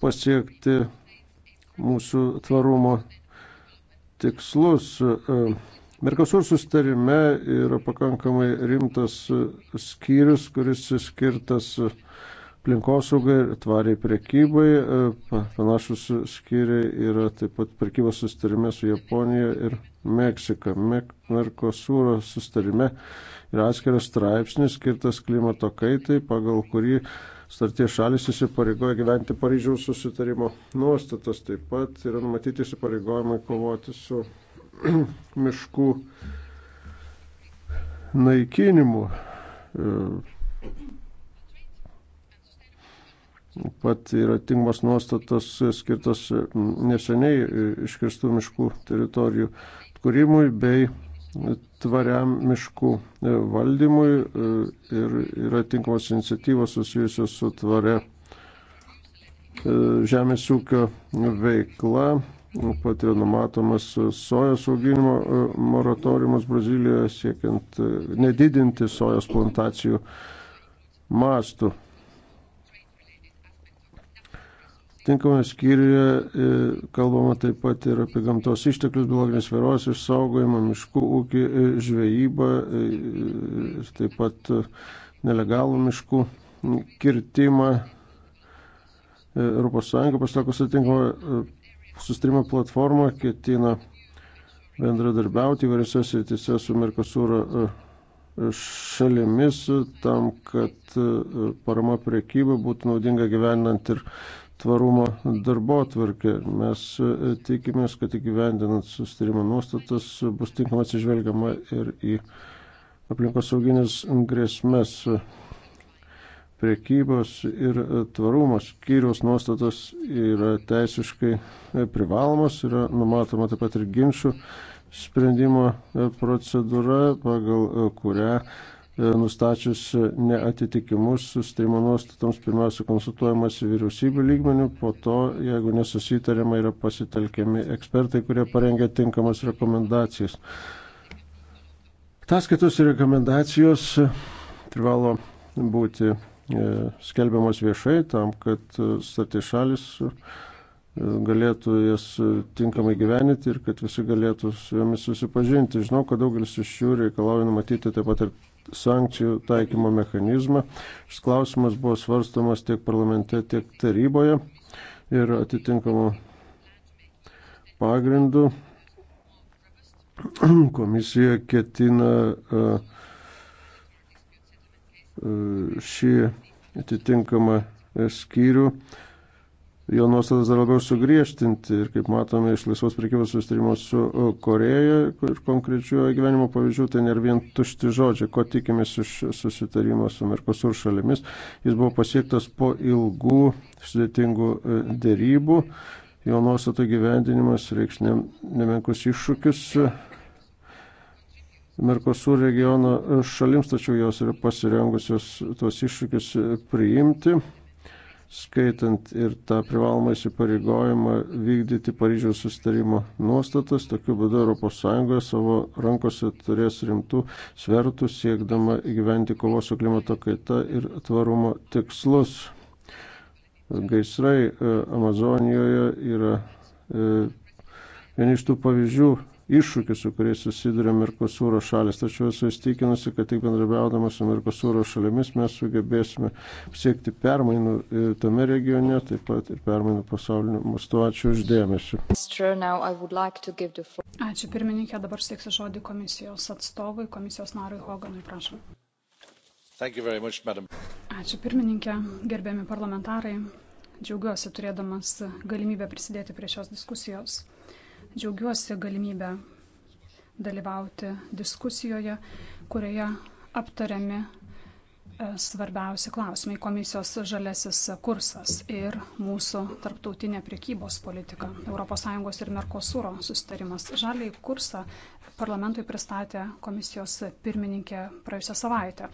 pasiekti mūsų tvarumo tikslus. E, Merkosur sustarime yra pakankamai rimtas skyrius, kuris skirtas aplinkosaugai ir tvariai prekybai. E, panašus skyriai yra taip pat prekybos sustarime su Japonija ir Meksika. Merkosūro sustarime yra atskiras straipsnis skirtas klimato kaitai, pagal kurį starties šalis įsipareigoja gyventi Paryžiaus susitarimo nuostatas. Taip pat yra numatyti įsipareigojimai kovoti su miškų naikinimu. E, pat yra tinkamas nuostatas skirtas neseniai iškirstų miškų teritorijų atkūrimui bei tvariam miškų e, valdymui e, ir yra tinkamos iniciatyvos susijusios su tvare žemės ūkio veikla. Pat yra numatomas sojos auginimo e, moratoriumas Brazilijoje, siekiant nedidinti sojos plantacijų mastų. Tinkamame skyriuje e, kalbama taip pat ir apie gamtos išteklius, biologinės vėros išsaugojimą, miškų ūkį, e, žvejybą, e, taip pat nelegalų miškų kirtimą. ES pasitakus atitinkamą sustrimo platformą ketina bendradarbiauti įvairiose srityse su Merkosūro šalimis tam, kad parama priekyba būtų naudinga gyvenant ir tvarumo darbo atvarkę. Mes e, tikimės, kad įgyvendinant sustarimo nuostatas bus tinkamai atsižvelgiama ir į aplinkos sauginės grėsmės priekybos ir tvarumas skyriaus nuostatos yra teisiškai privalomas, yra numatoma taip pat ir ginčių sprendimo procedūra, pagal kurią E, nustačius neatitikimus sustarimo nuostatoms pirmiausia konsultuojamasi vyriausybių lygmenių, po to, jeigu nesusitariama, yra pasitelkiami ekspertai, kurie parengia tinkamas rekomendacijas. Taskaitos ir rekomendacijos e, privalo būti e, skelbiamos viešai tam, kad statė šalis galėtų jas tinkamai gyveninti ir kad visi galėtų su jomis susipažinti. Žinau, kad daugelis iš jų reikalauja numatyti taip pat ir sankcijų taikymo mechanizmą. Šis klausimas buvo svarstamas tiek parlamente, tiek taryboje ir atitinkamų pagrindų komisija ketina e, e, šį atitinkamą skyrių jo nuostatas dar labiau sugriežtinti ir kaip matome iš laisvos prekybos sustarimo su Koreja ir konkrečių gyvenimo pavyzdžių, tai nėra vien tušti žodžiai, ko tikimės iš susitarimo su Merkosur šalimis. Jis buvo pasiektas po ilgų sudėtingų e, dėrybų, jo nuostatų gyvendinimas reikš nemenkus iššūkius. E, Merkosur regiono e, šalims, tačiau jos yra pasirengusios tuos iššūkius priimti skaitant ir tą privalomą įsipareigojimą vykdyti Paryžiaus sustarimo nuostatas. Tokiu būdu ES savo rankose turės rimtų svertų siekdama įgyventi kovos su klimato kaita ir tvarumo tikslus. Gaisrai e, Amazonijoje yra e, vieni iš tų pavyzdžių iššūkių, su kuriais susiduria Merkosūro šalis. Tačiau esu įstikinusi, kad tik bendrabiaudamas su Merkosūro šalimis mes sugebėsime siekti permainų e, tame regione, taip pat ir permainų pasauliniu mastu. Ačiū uždėmesi. Ačiū pirmininkė, dabar steiksiu žodį komisijos atstovui, komisijos narui Hoganui, prašom. Much, Ačiū pirmininkė, gerbėmi parlamentarai. Džiaugiuosi turėdamas galimybę prisidėti prie šios diskusijos. Džiaugiuosi galimybę dalyvauti diskusijoje, kurioje aptariami e, svarbiausi klausimai - komisijos žalesis kursas ir mūsų tarptautinė priekybos politika, ES ir Merkosūro sustarimas. Žaliai kursą parlamentui pristatė komisijos pirmininkė praėjusią savaitę.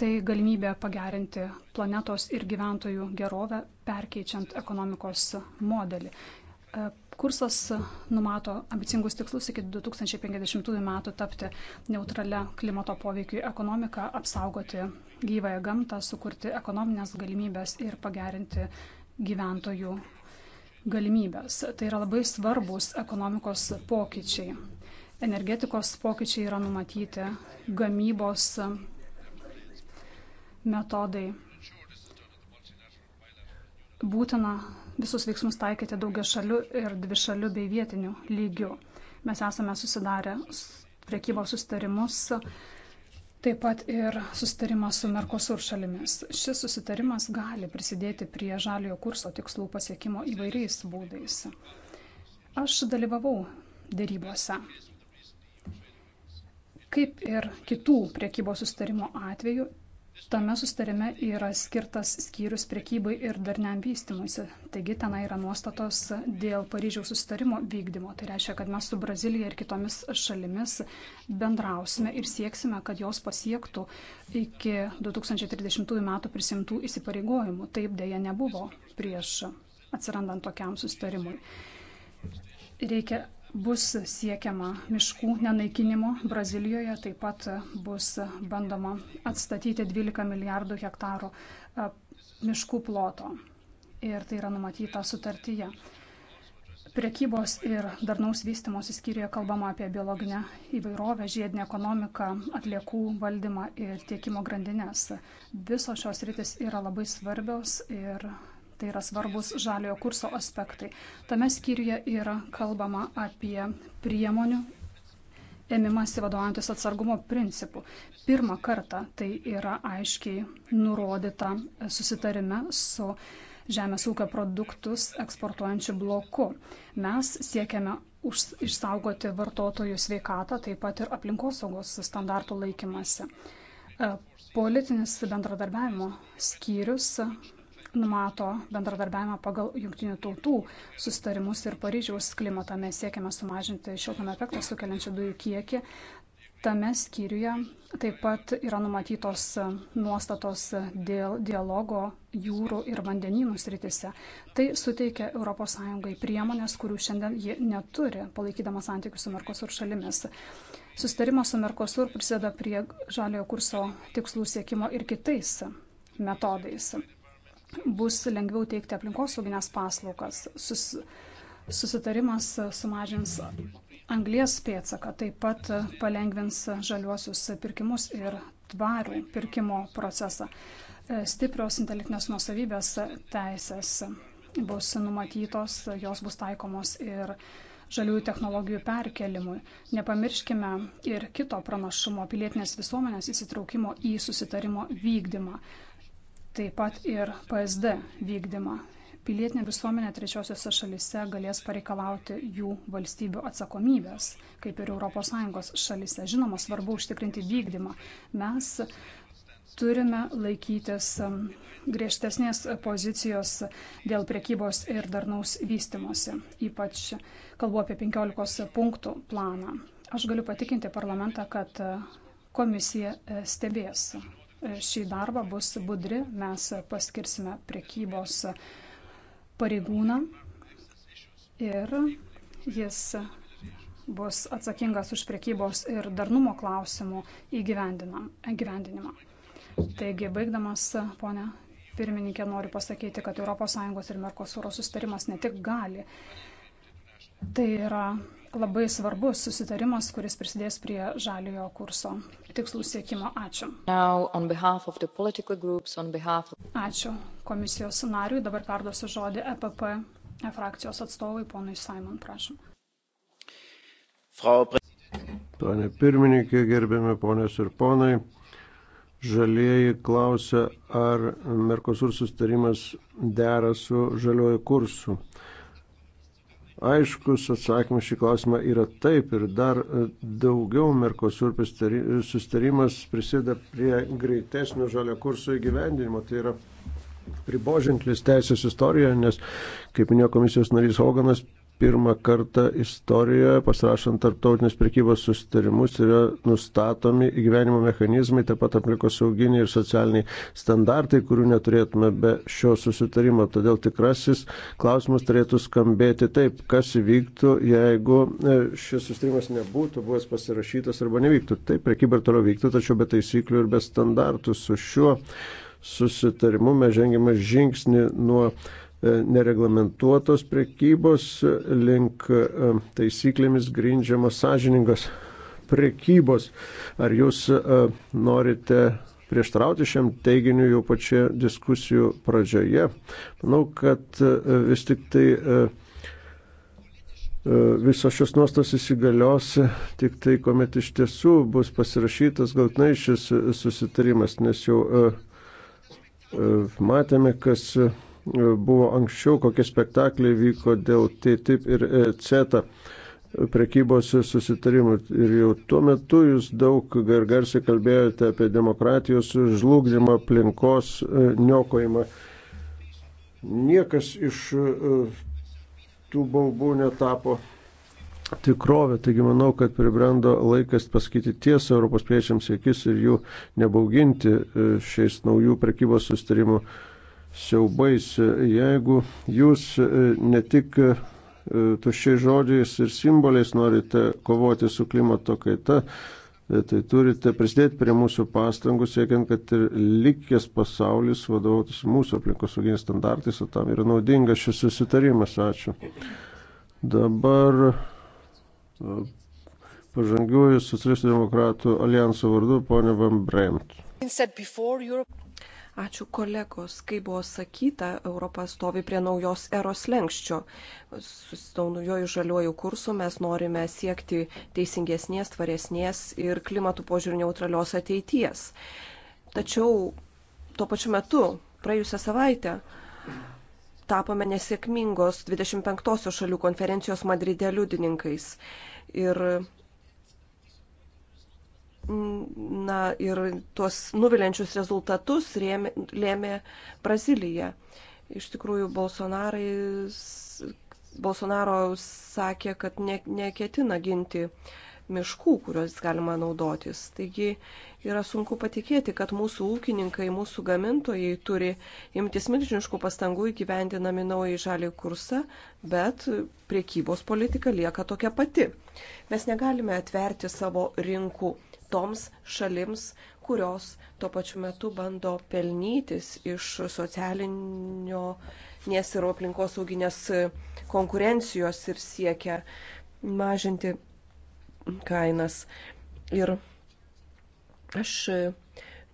Tai galimybė pagerinti planetos ir gyventojų gerovę, perkeičiant ekonomikos modelį e, Kursas numato ambicingus tikslus iki 2050 metų tapti neutralia klimato poveikiu ekonomiką, apsaugoti gyvąją gamtą, sukurti ekonominės galimybės ir pagerinti gyventojų galimybės. Tai yra labai svarbus ekonomikos pokyčiai. Energetikos pokyčiai yra numatyti, gamybos metodai būtina visus veiksmus taikyti daugia šalių ir dvi šalių bei vietinių lygių. Mes esame susidarę priekybos sustarimus, taip pat ir sustarimą su Merkosur šalimis. Šis susitarimas gali prisidėti prie žaliojo kurso tikslų pasiekimo įvairiais būdais. Aš dalyvavau dėrybose. Kaip ir kitų priekybos sustarimo atveju, Tame sustarime yra skirtas skyrius priekybai ir darniam vystimuisi. Taigi tenai yra nuostatos dėl Paryžiaus sustarimo vykdymo. Tai reiškia, kad mes su Brazilija ir kitomis šalimis bendrausime ir sieksime, kad jos pasiektų iki 2030 metų prisimtų įsipareigojimų. Taip dėja nebuvo prieš atsirandant tokiam sustarimui. Reikia bus siekiama miškų nenaikinimo. Brazilijoje taip pat bus bandoma atstatyti 12 milijardų hektarų miškų ploto. Ir tai yra numatyta sutartyje. Priekybos ir darnaus vystimosi skyriuje kalbama apie biologinę įvairovę, žiedinę ekonomiką, atliekų valdymą ir tiekimo grandinės. Visos šios rytis yra labai svarbios ir Tai yra svarbus žaliojo kurso aspektai. Tame skyriuje yra kalbama apie priemonių ėmimasi vadovantis atsargumo principu. Pirmą kartą tai yra aiškiai nurodyta susitarime su žemės ūkio produktus eksportuojančiu bloku. Mes siekiame už, išsaugoti vartotojų sveikatą, taip pat ir aplinkosaugos standartų laikymasi. E, politinis bendradarbiavimo skyrius numato bendradarbiavimą pagal jungtinių tautų sustarimus ir Paryžiaus klimatą. Mes siekiame sumažinti šiltnamio efektą sukeliančių dujų kiekį. Tame skyriuje taip pat yra numatytos nuostatos dėl dialogo jūrų ir vandenynų sritise. Tai suteikia ES priemonės, kurių šiandien ji neturi, palaikydama santykius su Merkosur šalimis. Sustarimas su Merkosur prisideda prie žaliojo kurso tikslų siekimo ir kitais metodais bus lengviau teikti aplinkosauginės paslaugas. Sus, susitarimas sumažins anglės pėtsaką, taip pat palengvins žaliuosius pirkimus ir tvarų pirkimo procesą. Stiprios intelektinės nusavybės teisės bus numatytos, jos bus taikomos ir žaliųjų technologijų perkelimui. Nepamirškime ir kito pranašumo pilietinės visuomenės įsitraukimo į susitarimo vykdymą taip pat ir PSD vykdymą. Pilietinė visuomenė trečiosiuose šalise galės pareikalauti jų valstybių atsakomybės, kaip ir ES šalise. Žinoma, svarbu užtikrinti vykdymą. Mes turime laikytis um, griežtesnės pozicijos dėl priekybos ir darnaus vystimosi, ypač kalbu apie 15 punktų planą. Aš galiu patikinti parlamentą, kad uh, komisija uh, stebės šį darbą bus budri. Mes paskirsime prekybos pareigūną ir jis bus atsakingas už prekybos ir darnumo klausimų įgyvendinimą. Taigi, baigdamas, ponė pirmininkė, noriu pasakyti, kad ES ir Merkosūro sustarimas ne tik gali. Tai yra labai svarbus susitarimas, kuris prisidės prie žaliojo kurso tikslų siekimo. Ačiū. Groups, of... Ačiū komisijos nariui. Dabar perduosiu žodį EPP frakcijos atstovui ponui Simon, prašom. Frau... Pane pirmininkė, gerbėme ponės ir ponai. Žalieji klausia, ar Merkosur sustarimas dera su žaliuoju kursu. Aiškus atsakymas šį klausimą yra taip ir dar e, daugiau Merkosur sustarimas prisideda prie greitesnio žalio kurso įgyvendinimo. Tai yra priboženklis teisės istorijoje, nes, kaip minėjo komisijos narys Hoganas, pirmą kartą istorijoje, pasirašant tarptautinius prekybos sustarimus, yra nustatomi įgyvenimo mechanizmai, taip pat aplinkos sauginiai ir socialiniai standartai, kurių neturėtume be šio susitarimo. Todėl tikrasis klausimas turėtų skambėti taip, kas įvyktų, jeigu e, šis sustarimas nebūtų buvęs pasirašytas arba nevyktų. Taip, prekyba ir toliau vyktų, tačiau be taisyklių ir be standartų su šiuo susitarimu mes žengėme žingsnį nuo E, nereglamentuotos prekybos e, link e, taisyklėmis grindžiamos sąžiningos prekybos. Ar jūs norite prieštarauti šiam teiginiu jau pačioje diskusijų pradžioje? Manau, kad vis tik tai visos šios nuostos įsigalios tik tai, kuomet iš tiesų bus pasirašytas galtinai šis susitarimas, nes jau matėme, kas buvo anksčiau, kokie spektakliai vyko dėl TTIP ir e, CETA prekybos susitarimų. Ir jau tuo metu jūs daug gar garsiai kalbėjote apie demokratijos žlugdymą, aplinkos e, niokojimą. Niekas iš e, tų baubų netapo tikrovė. Taigi manau, kad pribrendo laikas pasakyti tiesą Europos priečiams akis ir jų nebauginti šiais naujų prekybos sustarimų siaubais. Jeigu jūs e, ne tik e, tuščiai žodžiais ir simboliais norite kovoti su klimato kaita, e, tai turite prisidėti prie mūsų pastangų, siekiant, kad ir likęs pasaulis vadovautųsi mūsų aplinkosauginiais standartais, o tam yra naudingas šis susitarimas. Ačiū. Dabar pažangiųjų socialistų demokratų alijanso vardu, ponė Van Bremt. Ačiū kolegos, kaip buvo sakyta, Europa stovi prie naujos eros lenkščio. Su naujoju žaliuoju kursu mes norime siekti teisingesnės, tvaresnės ir klimatų požiūrį neutralios ateities. Tačiau tuo pačiu metu, praėjusią savaitę, tapome nesėkmingos 25-osios šalių konferencijos Madride liudininkais. Ir Na ir tuos nuvilinčius rezultatus rėmė, lėmė Brazilija. Iš tikrųjų, Bolsonaro sakė, kad ne, neketina ginti miškų, kuriuos galima naudotis. Taigi yra sunku patikėti, kad mūsų ūkininkai, mūsų gamintojai turi imtis milžiniškų pastangų įgyvendinami naują žalį kursą, bet priekybos politika lieka tokia pati. Mes negalime atverti savo rinkų toms šalims, kurios tuo pačiu metu bando pelnytis iš socialinio nes ir aplinkos sauginės konkurencijos ir siekia mažinti kainas. Ir aš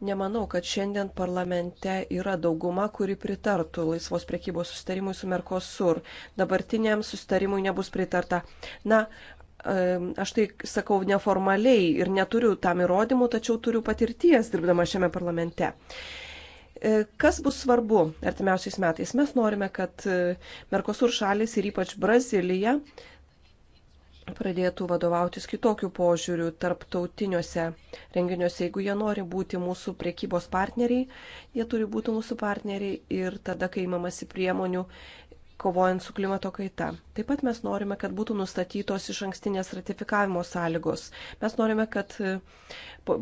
nemanau, kad šiandien parlamente yra dauguma, kuri pritartų laisvos priekybos sustarimui su Merkosur. Dabartiniam sustarimui nebus pritarta. Na, Aš tai sakau neformaliai ir neturiu tam įrodymų, tačiau turiu patirties dirbdama šiame parlamente. E, kas bus svarbu artimiausiais metais? Mes norime, kad e, Merkosur šalis ir ypač Brazilija pradėtų vadovautis kitokiu požiūriu tarptautiniuose renginiuose. Jeigu jie nori būti mūsų priekybos partneriai, jie turi būti mūsų partneriai ir tada, kai imamasi priemonių kovojant su klimato kaita. Taip pat mes norime, kad būtų nustatytos iš ankstinės ratifikavimo sąlygos. Mes norime, kad e,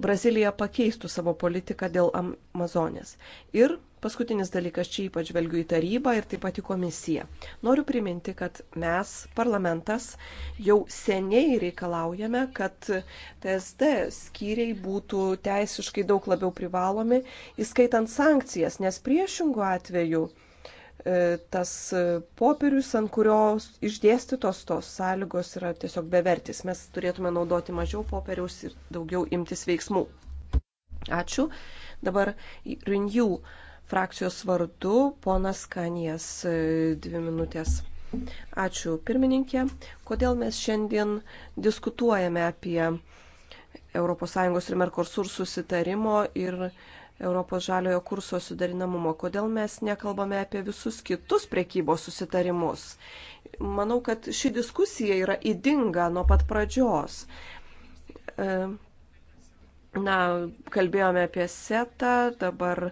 Brazilija pakeistų savo politiką dėl Amazonės. Ir paskutinis dalykas, čia ypač žvelgiu į tarybą ir taip pat į komisiją. Noriu priminti, kad mes, parlamentas, jau seniai reikalaujame, kad TSD skyriai būtų teisiškai daug labiau privalomi, įskaitant sankcijas, nes priešingų atveju E, tas popierius, ant kurios išdėstytos tos sąlygos yra tiesiog bevertis. Mes turėtume naudoti mažiau popieriaus ir daugiau imtis veiksmų. Ačiū. Dabar Renew frakcijos vardu ponas Kanijas e, dvi minutės. Ačiū pirmininkė. Kodėl mes šiandien diskutuojame apie ES ir Mercosur susitarimo ir Europos žaliojo kurso sudarinamumo. Kodėl mes nekalbame apie visus kitus prekybos susitarimus? Manau, kad ši diskusija yra įdinga nuo pat pradžios. E, na, kalbėjome apie setą, dabar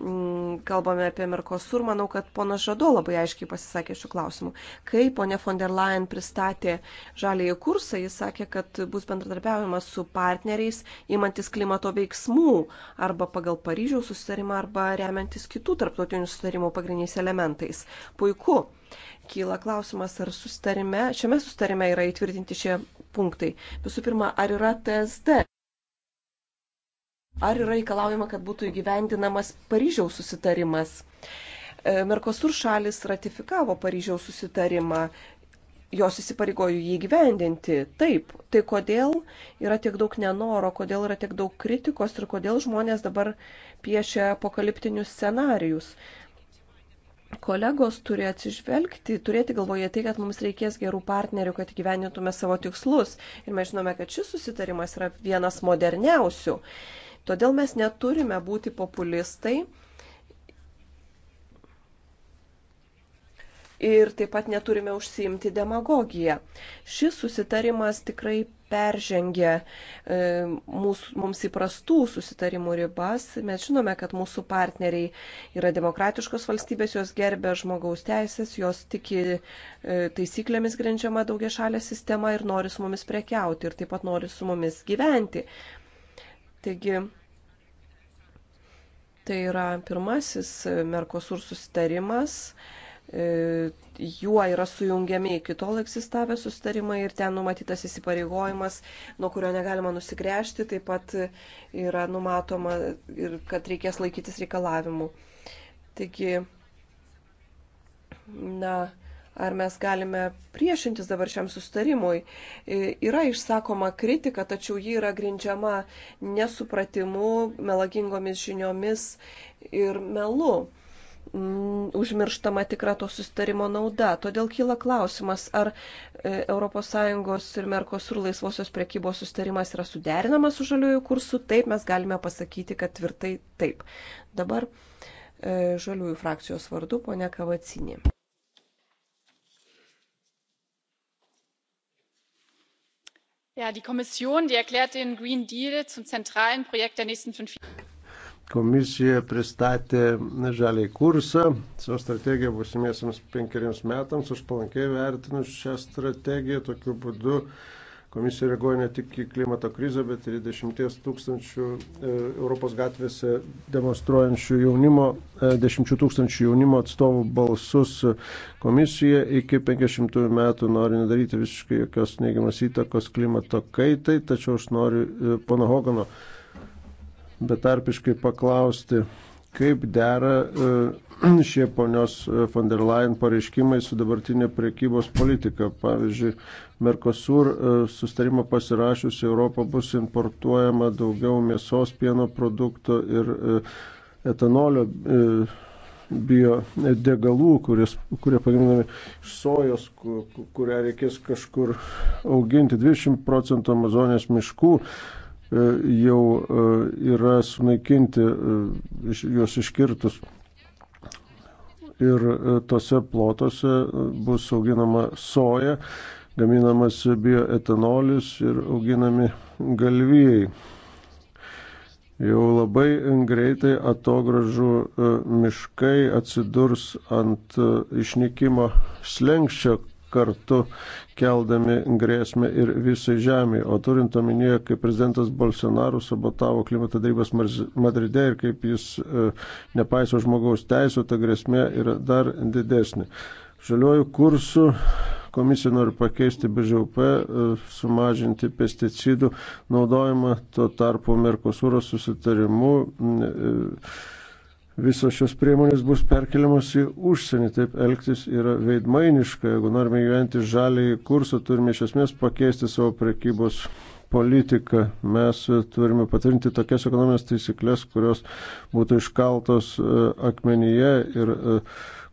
Mm, kalbame apie Merkosur, manau, kad ponas Žado labai aiškiai pasisakė šiuo klausimu. Kai ponė von der Leyen pristatė žalėjį kursą, jis sakė, kad bus bendradarbiavimas su partneriais, imantis klimato veiksmų arba pagal Paryžiaus susitarimą arba remiantis kitų tarptautinių susitarimų pagrindiniais elementais. Puiku. Kyla klausimas, ar susitarime, šiame susitarime yra įtvirtinti šie punktai. Visų pirma, ar yra TSD ar yra reikalaujama, kad būtų įgyvendinamas Paryžiaus susitarimas. E, Merkosur šalis ratifikavo Paryžiaus susitarimą, jos įsipareigojo jį gyvendinti. Taip, tai kodėl yra tiek daug nenoro, kodėl yra tiek daug kritikos ir kodėl žmonės dabar piešia apokaliptinius scenarius. Kolegos turi atsižvelgti, turėti galvoje tai, kad mums reikės gerų partnerių, kad gyvenintume savo tikslus. Ir mes žinome, kad šis susitarimas yra vienas moderniausių. Todėl mes neturime būti populistai. ir taip pat neturime užsiimti demagogiją. Šis susitarimas tikrai peržengia e, mūsų, mums įprastų susitarimų ribas. Mes žinome, kad mūsų partneriai yra demokratiškos valstybės, jos gerbė žmogaus teisės, jos tiki e, taisyklėmis grindžiama daugia šalė sistema ir nori su mumis prekiauti ir taip pat nori su mumis gyventi. Taigi, tai yra pirmasis Merkosur susitarimas. E, juo yra sujungiami iki tol egzistavę susitarimai ir ten numatytas įsipareigojimas, nuo kurio negalima nusigręžti, taip pat yra numatoma ir kad reikės laikytis reikalavimų. Taigi, na, ar mes galime priešintis dabar šiam sustarimui. E, yra išsakoma kritika, tačiau ji yra grindžiama nesupratimu, melagingomis žiniomis ir melu. Mm, užmirštama tikra to sustarimo nauda. Todėl kyla klausimas, ar ES ir Merkosur laisvosios priekybos sustarimas yra suderinamas su žaliųjų kursu. Taip mes galime pasakyti, kad tvirtai taip. Dabar e, žaliųjų frakcijos vardu ponia Kavacinė. die Kommission, die erklärt den Green Deal zum zentralen Projekt der nächsten fünf Jahre. Komisija pristatė žaliai kursą, savo strategiją būsimiesiams penkeriems metams. Aš palankiai vertinu šią strategiją, tokiu būdu Komisija reaguoja ne tik į klimato krizę, bet ir į dešimties tūkstančių e, Europos gatvėse demonstruojančių jaunimo, e, dešimčių tūkstančių jaunimo atstovų balsus. Komisija iki 50 metų nori nedaryti visiškai jokios neigiamas įtakos klimato kaitai, tačiau aš noriu e, pono Hogano betarpiškai paklausti, kaip dera e, šie ponios e, von der Leyen pareiškimai su dabartinė priekybos politika. Pavyzdžiui, Mercosur e, sustarimą pasirašius Europą bus importuojama daugiau mėsos, pieno produktų ir etanolio bio degalų, kuris, kurie pagaminami iš sojos, kurią reikės kažkur auginti. 20 procentų Amazonės miškų E, jau e, yra sunaikinti e, juos iškirtus. Ir tose plotose bus auginama soja, gaminamas bioetanolis ir auginami galvijai. Jau labai greitai atogražų miškai atsidurs ant išnykimo slengščio, kartu keldami grėsmę ir visai žemė. O turint omenyje, kaip prezidentas Bolsonaro sabotavo klimato darybas Madride ir kaip jis e, nepaiso žmogaus teisų, ta grėsmė yra dar didesnė. Žaliuoju kursu komisija nori pakeisti BŽUP, e, sumažinti pesticidų naudojimą, tuo tarpu Merkosūros susitarimu e, visos šios priemonės bus perkeliamos į užsienį. Taip elgtis yra veidmainiška. Jeigu norime gyventi žalį kursą, turime iš esmės pakeisti savo prekybos politiką. Mes turime patvirtinti tokias ekonomijos taisyklės, kurios būtų iškaltos e, akmenyje ir e,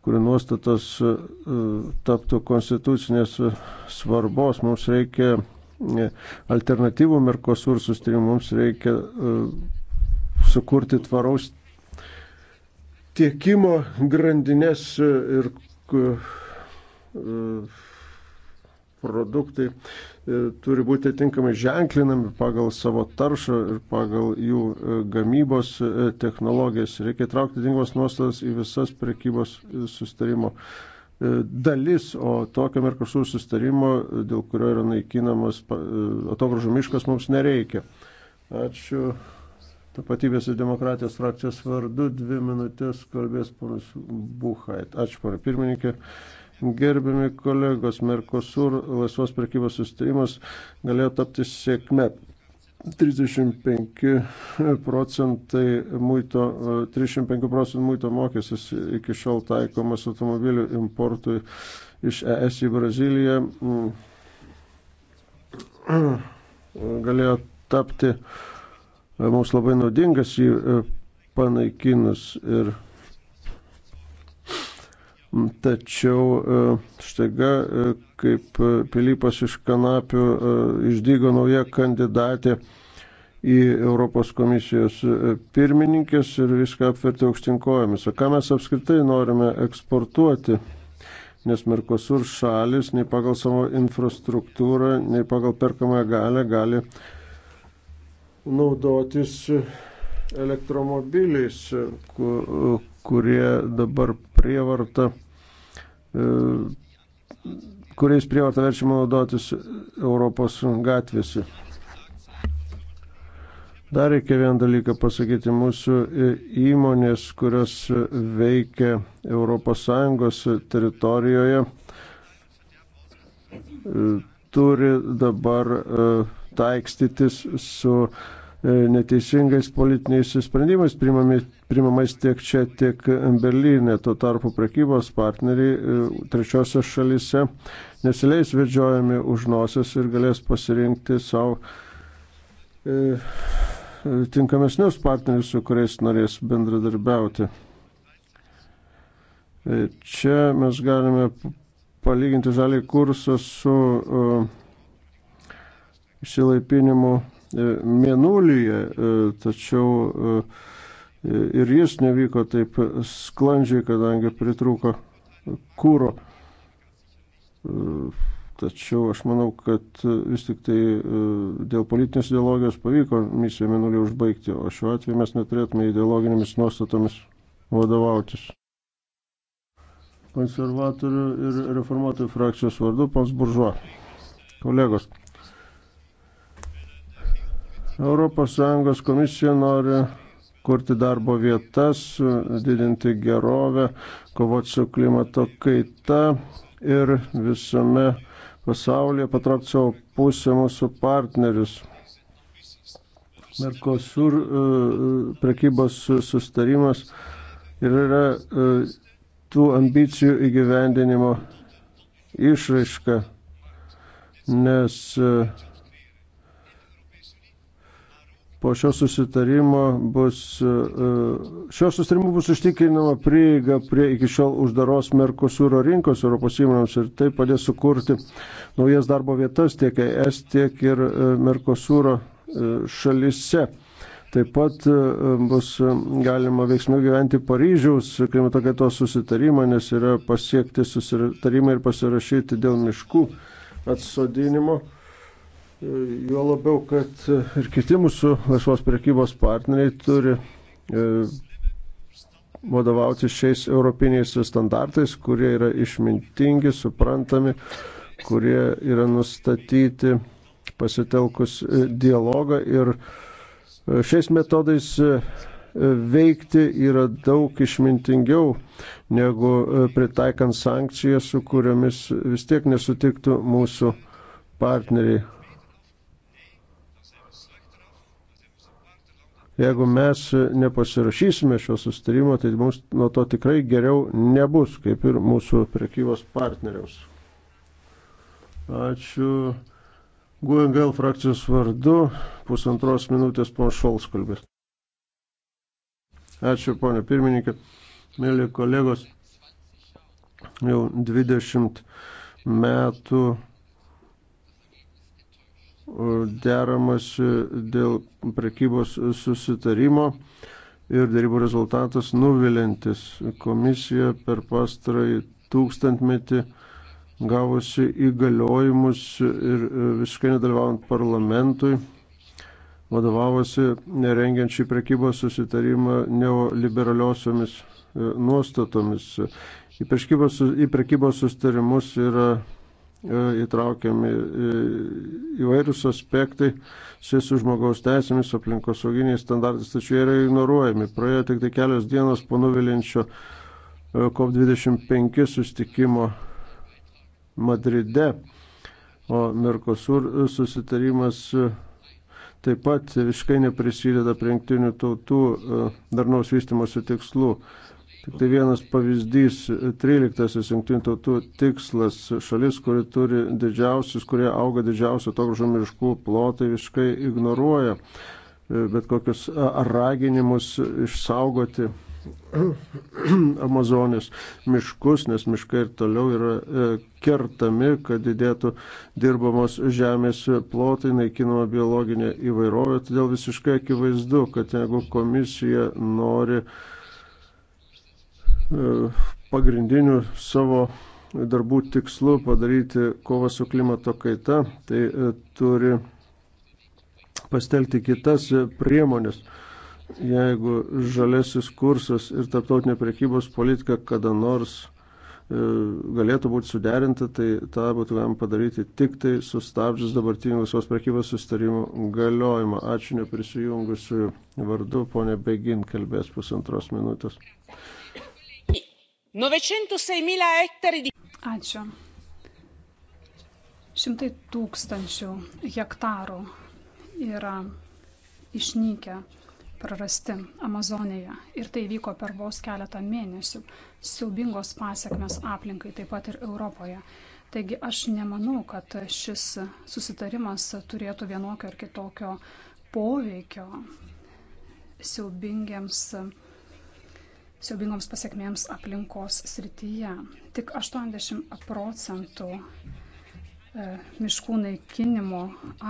kurių nuostatos e, taptų konstitucinės svarbos. Mums reikia alternatyvų Merkosur sustarimų, mums reikia sukurti tvaraus tiekimo grandinės ir e, produktai e, turi būti tinkamai ženklinami pagal savo taršą ir pagal jų e, gamybos technologijas. Reikia traukti dingos nuostatas į visas prekybos sustarimo dalis, o tokio Merkosur sustarimo, dėl kurio yra naikinamas atogrąžų miškas, mums nereikia. Ačiū tapatybės ir demokratijos frakcijos vardu. Dvi minutės kalbės ponas Buhait. Ačiū, ponė pirmininkė. Gerbiami kolegos, Merkosur laisvos prekybos sustarimas galėjo tapti sėkme. 35 procentai muito, 35 procentų muito mokestis iki šiol taikomas automobilių importui iš ES į Braziliją mm, galėjo tapti uh, mums labai naudingas jį e, panaikinus. Ir tačiau e, štaiga, e, kaip Pilypas iš kanapių išdygo nauja kandidatė į Europos komisijos pirmininkės ir viską apverti aukštinkojomis. O ką mes apskritai norime eksportuoti? nes Merkosur šalis nei pagal savo infrastruktūrą, nei pagal perkamąją galę gali naudotis elektromobiliais, kurie dabar prievarta, e, kuriais prievarta verčiama naudotis Europos gatvėse. Dar reikia vieną dalyką pasakyti. Mūsų e, įmonės, kurios veikia ES teritorijoje, e, turi dabar uh, taikstytis su e, neteisingais politiniais sprendimais primamais, primamais tiek čia, tiek Berlyne. Tuo tarpu prekybos partneriai e, trečiosios šalise nesileis vedžiojami už nosios ir galės pasirinkti savo e, e, tinkamesnius partnerius, su kuriais norės bendradarbiauti. Čia mes galime palyginti žalį kursą su uh, išsilaipinimu e, mėnulyje, e, tačiau e, ir jis nevyko taip sklandžiai, kadangi pritrūko kūro. Tačiau aš manau, kad vis tik tai dėl politinės ideologijos pavyko misiją mėnulį užbaigti, o šiuo atveju mes neturėtume ideologinėmis nuostatomis vadovautis. Konservatorių ir reformuotojų frakcijos vardu, pans Buržuo. Kolegos. ES komisija nori kurti darbo vietas, didinti gerovę, kovoti su klimato kaita ir visame pasaulyje patraukti savo pusę mūsų partnerius. Merkosur e, prekybos sustarimas ir yra e, tų ambicijų įgyvendinimo išraiška, nes uh, po šio susitarimo bus, e, e, šio susitarimo bus užtikrinama prieiga prie iki šiol uždaros Merkosūro rinkos Europos įmonėms ir tai padės sukurti naujas darbo vietas tiek ES, tiek ir e, Merkosūro šalise. Taip pat bus galima veiksmiau gyventi Paryžiaus klimato kaitos susitarimą, nes yra pasiekti susitarimą ir pasirašyti dėl miškų atsodinimo Juo labiau, kad ir kiti mūsų laisvos prekybos partneriai turi e, vadovauti šiais europiniais standartais, kurie yra išmintingi, suprantami, kurie yra nustatyti pasitelkus e, dialogą ir e, šiais metodais veikti yra daug išmintingiau negu pritaikant sankcijas, su kuriomis vis tiek nesutiktų mūsų partneriai. Jeigu mes nepasirašysime šio sustarimo, tai mums nuo to tikrai geriau nebus, kaip ir mūsų prekybos partneriams. Ačiū. GUNGL frakcijos vardu pusantros minutės pon Šolskalbės. Ačiū, ponė pirmininkė. Mėly kolegos, jau 20 metų deramasi dėl prekybos susitarimo ir darybų rezultatas nuvilintis. Komisija per pastarąjį tūkstantmetį gavusi įgaliojimus ir visiškai nedalyvaujant parlamentui, vadovavosi rengiant šį prekybos susitarimą neoliberaliosiomis e, nuostatomis. Į prekybos, į prekybos susitarimus yra E, įtraukiami e, įvairius aspektai susijęs su žmogaus teisėmis, aplinkosauginiais standartais, tačiau jie yra ignoruojami. Praėjo tik tai kelios dienos po nuvilinčio e, COP25 sustikimo Madride, o Mercosur susitarimas taip pat visiškai neprisideda prie jungtinių tautų darnaus vystimosi tikslų. Tik tai vienas pavyzdys, 13 jungtinių tautų tikslas, šalis, kuri turi didžiausius, kurie auga didžiausių tokžų miškų plotai, visiškai ignoruoja e, bet kokius raginimus išsaugoti Amazonės miškus, nes miškai ir toliau yra e, kertami, kad didėtų dirbamos žemės plotai, naikinama biologinė įvairovė. Todėl visiškai akivaizdu, kad jeigu komisija nori uh, pagrindiniu savo darbų tikslu padaryti kovą su klimato kaita, tai e, turi pastelti kitas priemonės. Jeigu žalesis kursas ir tarptautinė prekybos politika kada nors e, galėtų būti suderinta, tai tą būtų galima padaryti tik tai sustabdžius dabartinį visos prekybos sustarimų galiojimą. Ačiū neprisijungusiu vardu, ponė Begin kalbės pusantros minutės. 906 mila hektari di. Ačiū. Šimtai tūkstančių hektarų yra išnykę, prarasti Amazonėje. Ir tai vyko per vos keletą mėnesių. Siaubingos pasiekmes aplinkai taip pat ir Europoje. Taigi aš nemanau, kad šis susitarimas turėtų vienokio ar kitokio poveikio siaubingiems siaubingoms pasiekmėms aplinkos srityje. Tik 80 procentų e, miškų naikinimo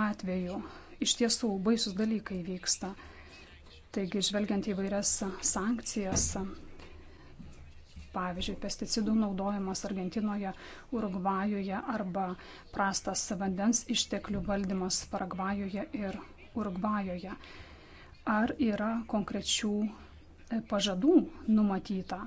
atveju iš tiesų baisus dalykai vyksta. Taigi, žvelgiant į vairias sankcijas, pavyzdžiui, pesticidų naudojimas Argentinoje, Urugvajoje arba prastas vandens išteklių valdymas Paragvajoje ir Urugvajoje. Ar yra konkrečių pažadų numatyta,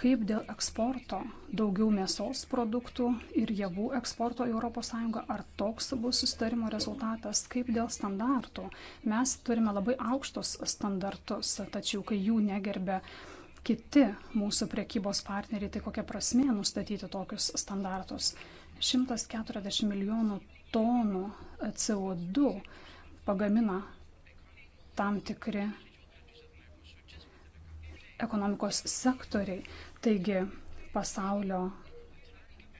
kaip dėl eksporto daugiau mėsos produktų ir javų eksporto į ES, ar toks bus sustarimo rezultatas, kaip dėl standartų. Mes turime labai aukštus standartus, tačiau kai jų negerbė kiti mūsų priekybos partneriai, tai kokia prasmė nustatyti tokius standartus. 140 milijonų tonų CO2 pagamina tam tikri ekonomikos sektoriai. Taigi pasaulio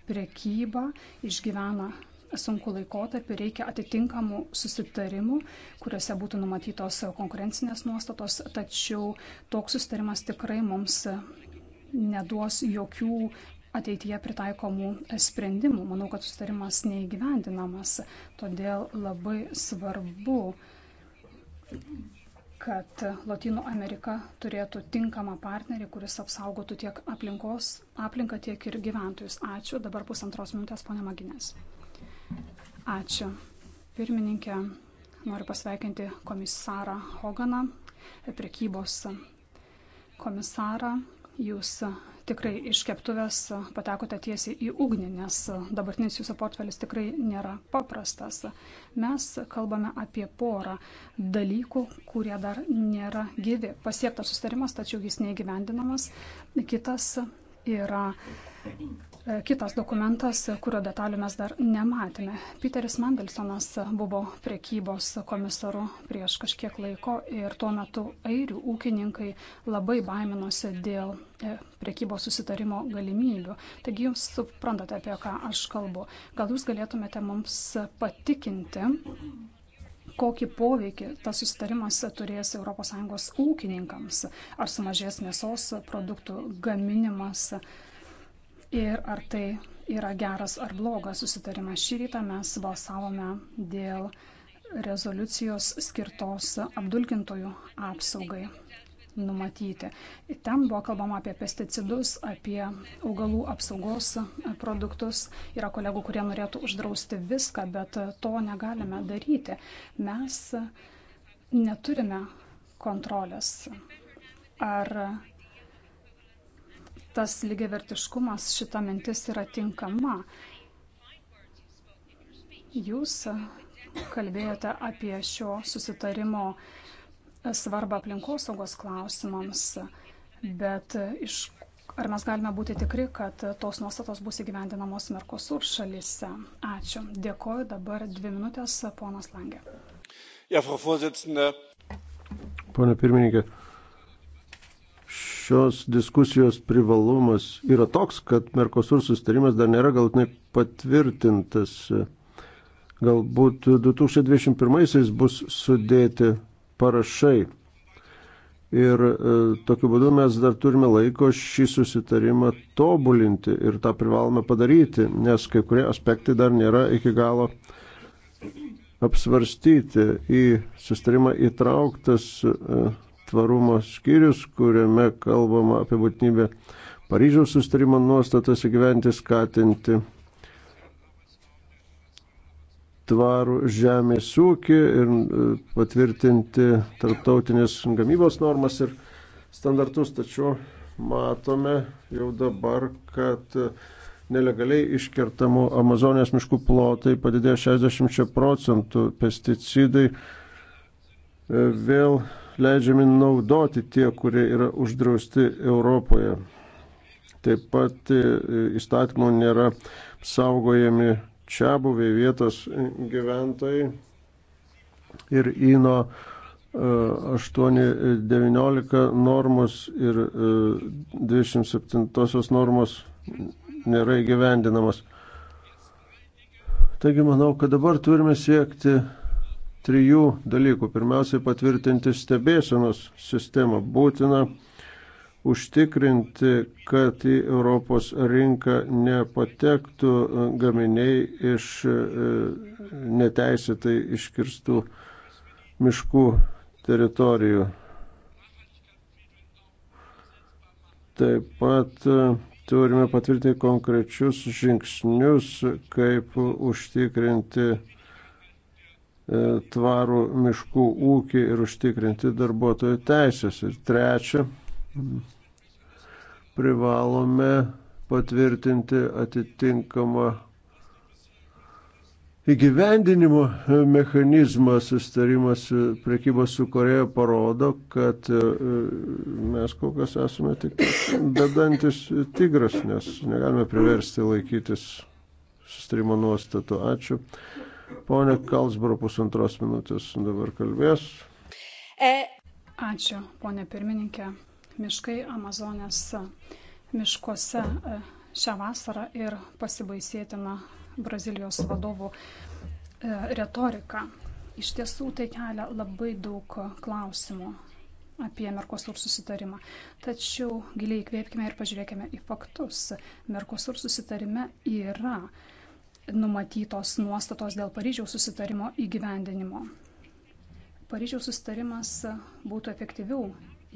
priekyba išgyvena sunku laikotarpį, reikia atitinkamų susitarimų, kuriuose būtų numatytos konkurencinės nuostatos, tačiau toks susitarimas tikrai mums neduos jokių ateityje pritaikomų sprendimų. Manau, kad susitarimas neįgyvendinamas, todėl labai svarbu kad Latino Amerika turėtų tinkamą partnerį, kuris apsaugotų tiek aplinkos, aplinką, tiek ir gyventojus. Ačiū. Dabar pusantros minutės, ponia Maginės. Ačiū. Pirmininkė, noriu pasveikinti komisarą Hoganą, prekybos komisarą, Jūs tikrai iš keptuvės patekote tiesiai į ugnį, nes dabartinis jūsų portfelis tikrai nėra paprastas. Mes kalbame apie porą dalykų, kurie dar nėra gyvi. Pasiektas sustarimas, tačiau jis neįgyvendinamas. Kitas yra e, kitas dokumentas, kurio detalių mes dar nematėme. Peteris Mandelsonas buvo priekybos komisaru prieš kažkiek laiko ir tuo metu airių ūkininkai labai baiminosi dėl e, priekybos susitarimo galimybių. Taigi jūs suprantate, apie ką aš kalbu. Gal jūs galėtumėte mums patikinti, kokį poveikį tas susitarimas turės ES ūkininkams. Ar sumažės mėsos produktų gaminimas ir ar tai yra geras ar blogas susitarimas. Šį rytą mes balsavome dėl rezoliucijos skirtos apdulkintojų apsaugai numatyti. Ten buvo kalbama apie pesticidus, apie augalų apsaugos produktus. Yra kolegų, kurie norėtų uždrausti viską, bet to negalime daryti. Mes neturime kontrolės. Ar tas lygiavertiškumas, šita mintis yra tinkama? Jūs kalbėjote apie šio susitarimo uh, svarbą aplinkosaugos klausimams, bet iš, ar mes galime būti tikri, kad tos nuostatos bus įgyvendinamos Merkosur šalyse? Ačiū. Dėkoju. Dabar dvi minutės, ponas Langė. Ja, Pone pirmininkė, šios diskusijos privalumas yra toks, kad Merkosur sustarimas dar nėra galtinai patvirtintas. Galbūt 2021-aisiais bus sudėti parašai. Ir e, tokiu būdu mes dar turime laiko šį susitarimą tobulinti ir tą privalome padaryti, nes kai kurie aspektai dar nėra iki galo apsvarstyti. Į susitarimą įtrauktas e, tvarumo skyrius, kuriame kalbama apie būtinybę Paryžiaus susitarimo nuostatas įgyventi, skatinti tvarų žemės ūkį ir e, patvirtinti tarptautinės gamybos normas ir standartus, tačiau matome jau dabar, kad nelegaliai iškertamų Amazonės miškų plotai padidėjo 60 procentų, pesticidai e, vėl leidžiami naudoti tie, kurie yra uždrausti Europoje. Taip pat e, įstatymų nėra saugojami čia buviai vietos gyventojai ir įno 8.19 e, normos ir 27 e, normos nėra įgyvendinamas. Taigi manau, kad dabar turime siekti trijų dalykų. Pirmiausiai patvirtinti stebėsenos sistemą. Būtina užtikrinti, kad į Europos rinką nepatektų gaminiai iš e, neteisėtai iškirstų miškų teritorijų. Taip pat e, turime patvirtinti konkrečius žingsnius, kaip užtikrinti e, tvarų miškų ūkį ir užtikrinti darbuotojų teisės. Ir trečia, privalome patvirtinti atitinkamą įgyvendinimo mechanizmą sustarimas prekybos su Koreja parodo, kad e, mes kol kas esame tik bedantis tigras, nes negalime priversti laikytis sustarimo nuostatų. Ačiū. Pone Kalsbro pusantros minutės dabar kalbės. Ačiū, ponė pirmininkė miškai Amazonės e, miškuose e, šią vasarą ir pasibaisėtina Brazilijos vadovų e, retorika. Iš tiesų tai kelia labai daug klausimų apie Merkosur susitarimą. Tačiau giliai įkvėpkime ir pažiūrėkime į faktus. Merkosur susitarime yra numatytos nuostatos dėl Paryžiaus susitarimo įgyvendinimo. Paryžiaus susitarimas būtų efektyviau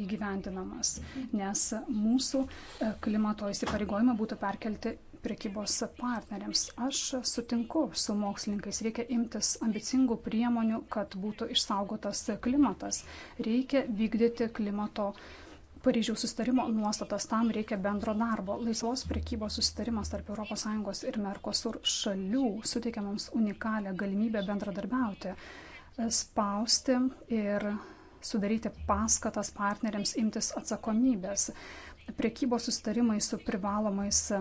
įgyvendinamas, nes mūsų e, klimato įsipareigojimai būtų perkelti prekybos partneriams. Aš sutinku su mokslininkais, reikia imtis ambicingų priemonių, kad būtų išsaugotas klimatas. Reikia vykdyti klimato Paryžiaus sustarimo nuostatas, tam reikia bendro darbo. Laisvos prekybos sustarimas tarp ES ir Merkosur šalių suteikia mums unikalią galimybę bendradarbiauti, spausti ir sudaryti paskatas partneriams imtis atsakomybės. Priekybos sustarimai su privalomais e,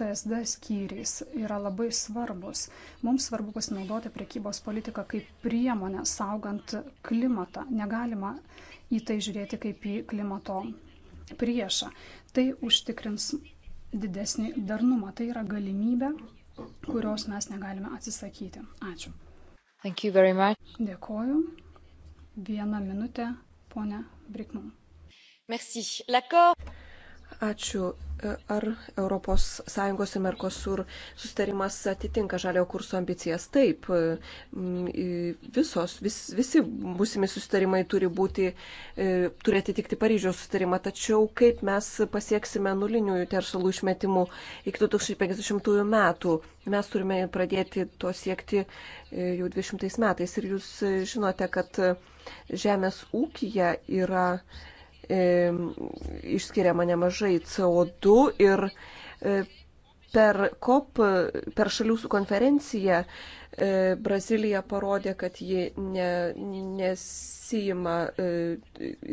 TSD skyriais yra labai svarbus. Mums svarbu pasinaudoti priekybos politiką kaip priemonę saugant klimatą. Negalima į tai žiūrėti kaip į klimato priešą. Tai užtikrins didesnį darnumą. Tai yra galimybė, kurios mes negalime atsisakyti. Ačiū. Dėkoju. Vieną minutę, ponia Brikman. Ačiū ar ES ir Mercosur sustarimas atitinka žalio kurso ambicijas. Taip, mm, visos, vis, visi būsimi sustarimai turi būti, e, turi atitikti Paryžiaus sustarimą, tačiau kaip mes pasieksime nulinių teršalų išmetimų iki 2050 metų, mes turime pradėti to siekti e, jau 20 metais. Ir jūs žinote, kad žemės ūkija yra išskiriama nemažai CO2 ir e, per COP, per šalių konferenciją e, Brazilija parodė, kad ji ne, nes neatsijima e,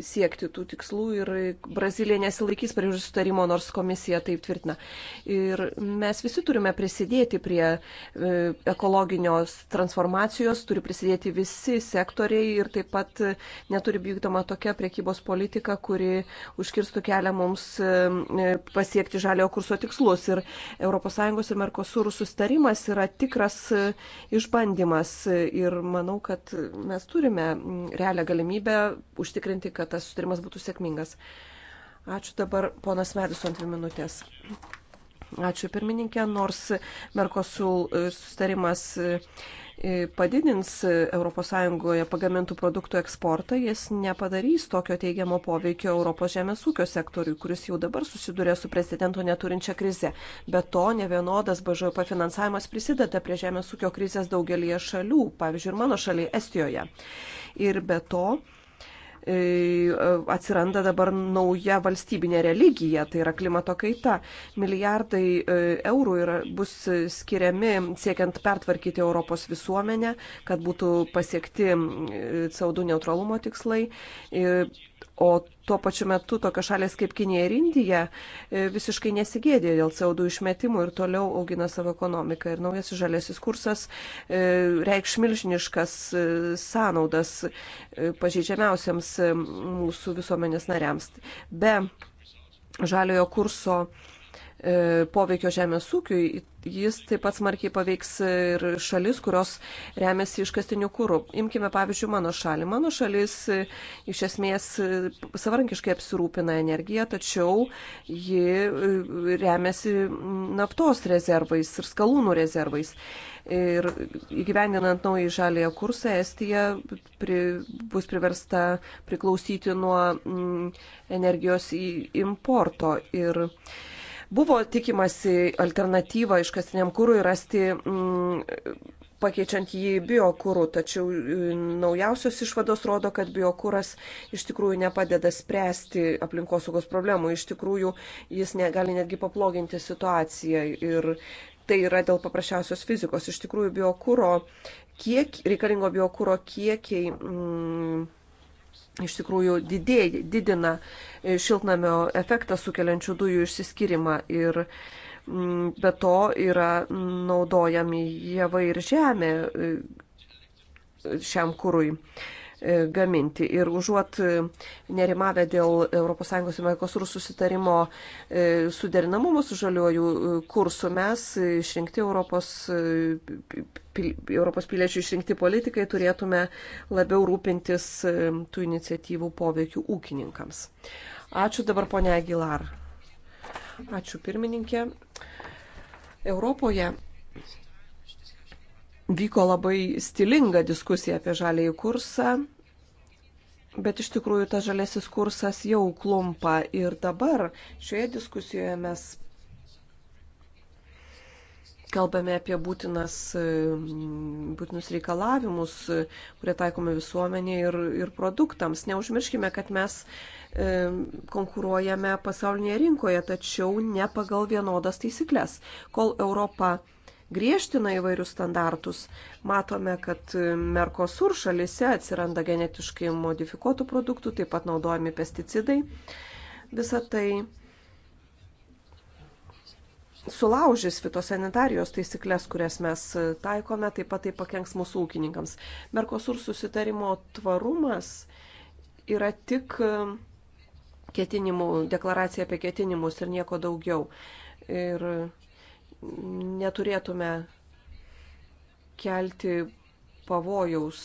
siekti tų tikslų ir Brazilija nesilaikys Paryžiaus sutarimo, nors komisija taip tvirtina. Ir mes visi turime prisidėti prie e, ekologinios transformacijos, turi prisidėti visi sektoriai ir taip pat neturi vykdoma tokia priekybos politika, kuri užkirstų kelią mums e, pasiekti žaliojo kurso tikslus. Ir ES ir Merkosūrų sustarimas yra tikras išbandymas. Ir manau, kad mes turime realią galimybę užtikrinti, kad tas sutarimas būtų sėkmingas. Ačiū dabar ponas Medis ant dvi minutės. Ačiū pirmininkė, nors Merkosul sustarimas E, padidins ES pagamintų produktų eksportą, jis nepadarys tokio teigiamo poveikio Europos žemės ūkio sektoriui, kuris jau dabar susiduria su precedento neturinčia krize. Be to, ne vienodas BŽP finansavimas prisideda prie žemės ūkio krizės daugelie šalių, pavyzdžiui, ir mano šaliai Estijoje. Ir be to, E, atsiranda dabar nauja valstybinė religija, tai yra klimato kaita. Milijardai e, eurų yra, bus skiriami siekiant pertvarkyti Europos visuomenę, kad būtų pasiekti e, CO2 neutralumo tikslai. Ir O tuo pačiu metu tokios šalės kaip Kinija ir Indija e, visiškai nesigėdė dėl CO2 išmetimų ir toliau augina savo ekonomiką. Ir naujasis žalėsis kursas e, reikš milžiniškas e, sąnaudas pažeidžiamiausiams mūsų visuomenės nariams. Be žaliojo kurso poveikio žemės ūkiui jis taip pat smarkiai paveiks ir šalis, kurios remiasi iškastiniu kūru. Imkime pavyzdžiui mano šalį. Mano šalis e, iš esmės e, savarankiškai apsirūpina energiją, tačiau ji e, remiasi naftos rezervais ir skalūnų rezervais. Ir įgyvendinant naują žalėje kursą, Estija pri, bus priversta priklausyti nuo mm, energijos importo. Ir, uh, Buvo tikimasi alternatyvą iškastiniam kūrui rasti. Mm, pakeičiant jį biokūrų, tačiau mm, naujausios išvados rodo, kad biokūras iš tikrųjų nepadeda spręsti aplinkosaugos problemų, iš tikrųjų jis negali netgi paploginti situaciją ir tai yra dėl paprasčiausios fizikos. Iš tikrųjų biokūro, kiek reikalingo biokūro kiekiai. Mm, iš tikrųjų didėja, didina e, šiltnamio efektą sukeliančių dujų išsiskirimą ir mm, be to yra naudojami javai ir žemė e, šiam kūrui. E, gaminti. Ir užuot e, nerimavę dėl ES ir Mercosur susitarimo e, suderinamumo su žaliuoju kursu, mes išrinkti Europos, Europos piliečių išrinkti politikai turėtume labiau rūpintis tų iniciatyvų poveikiu ūkininkams. Ačiū dabar ponia Agilar. Ačiū pirmininkė. Europoje Vyko labai stilinga diskusija apie žalėjį kursą, bet iš tikrųjų tas žalėsis kursas jau klumpa ir dabar šioje diskusijoje mes kalbame apie būtinas, būtinus reikalavimus, kurie taikome visuomenėje ir, ir produktams. Neužmirškime, kad mes e, konkuruojame pasaulinėje rinkoje, tačiau ne pagal vienodas taisyklės. Kol Europa griežtina įvairius standartus. Matome, kad Merkosur šalise atsiranda genetiškai modifikuotų produktų, taip pat naudojami pesticidai. Visą tai sulaužys fitosanitarijos taisyklės, kurias mes taikome, taip pat tai pakenks mūsų ūkininkams. Merkosur susitarimo tvarumas yra tik ketinimų, deklaracija apie ketinimus ir nieko daugiau. Ir neturėtume kelti pavojaus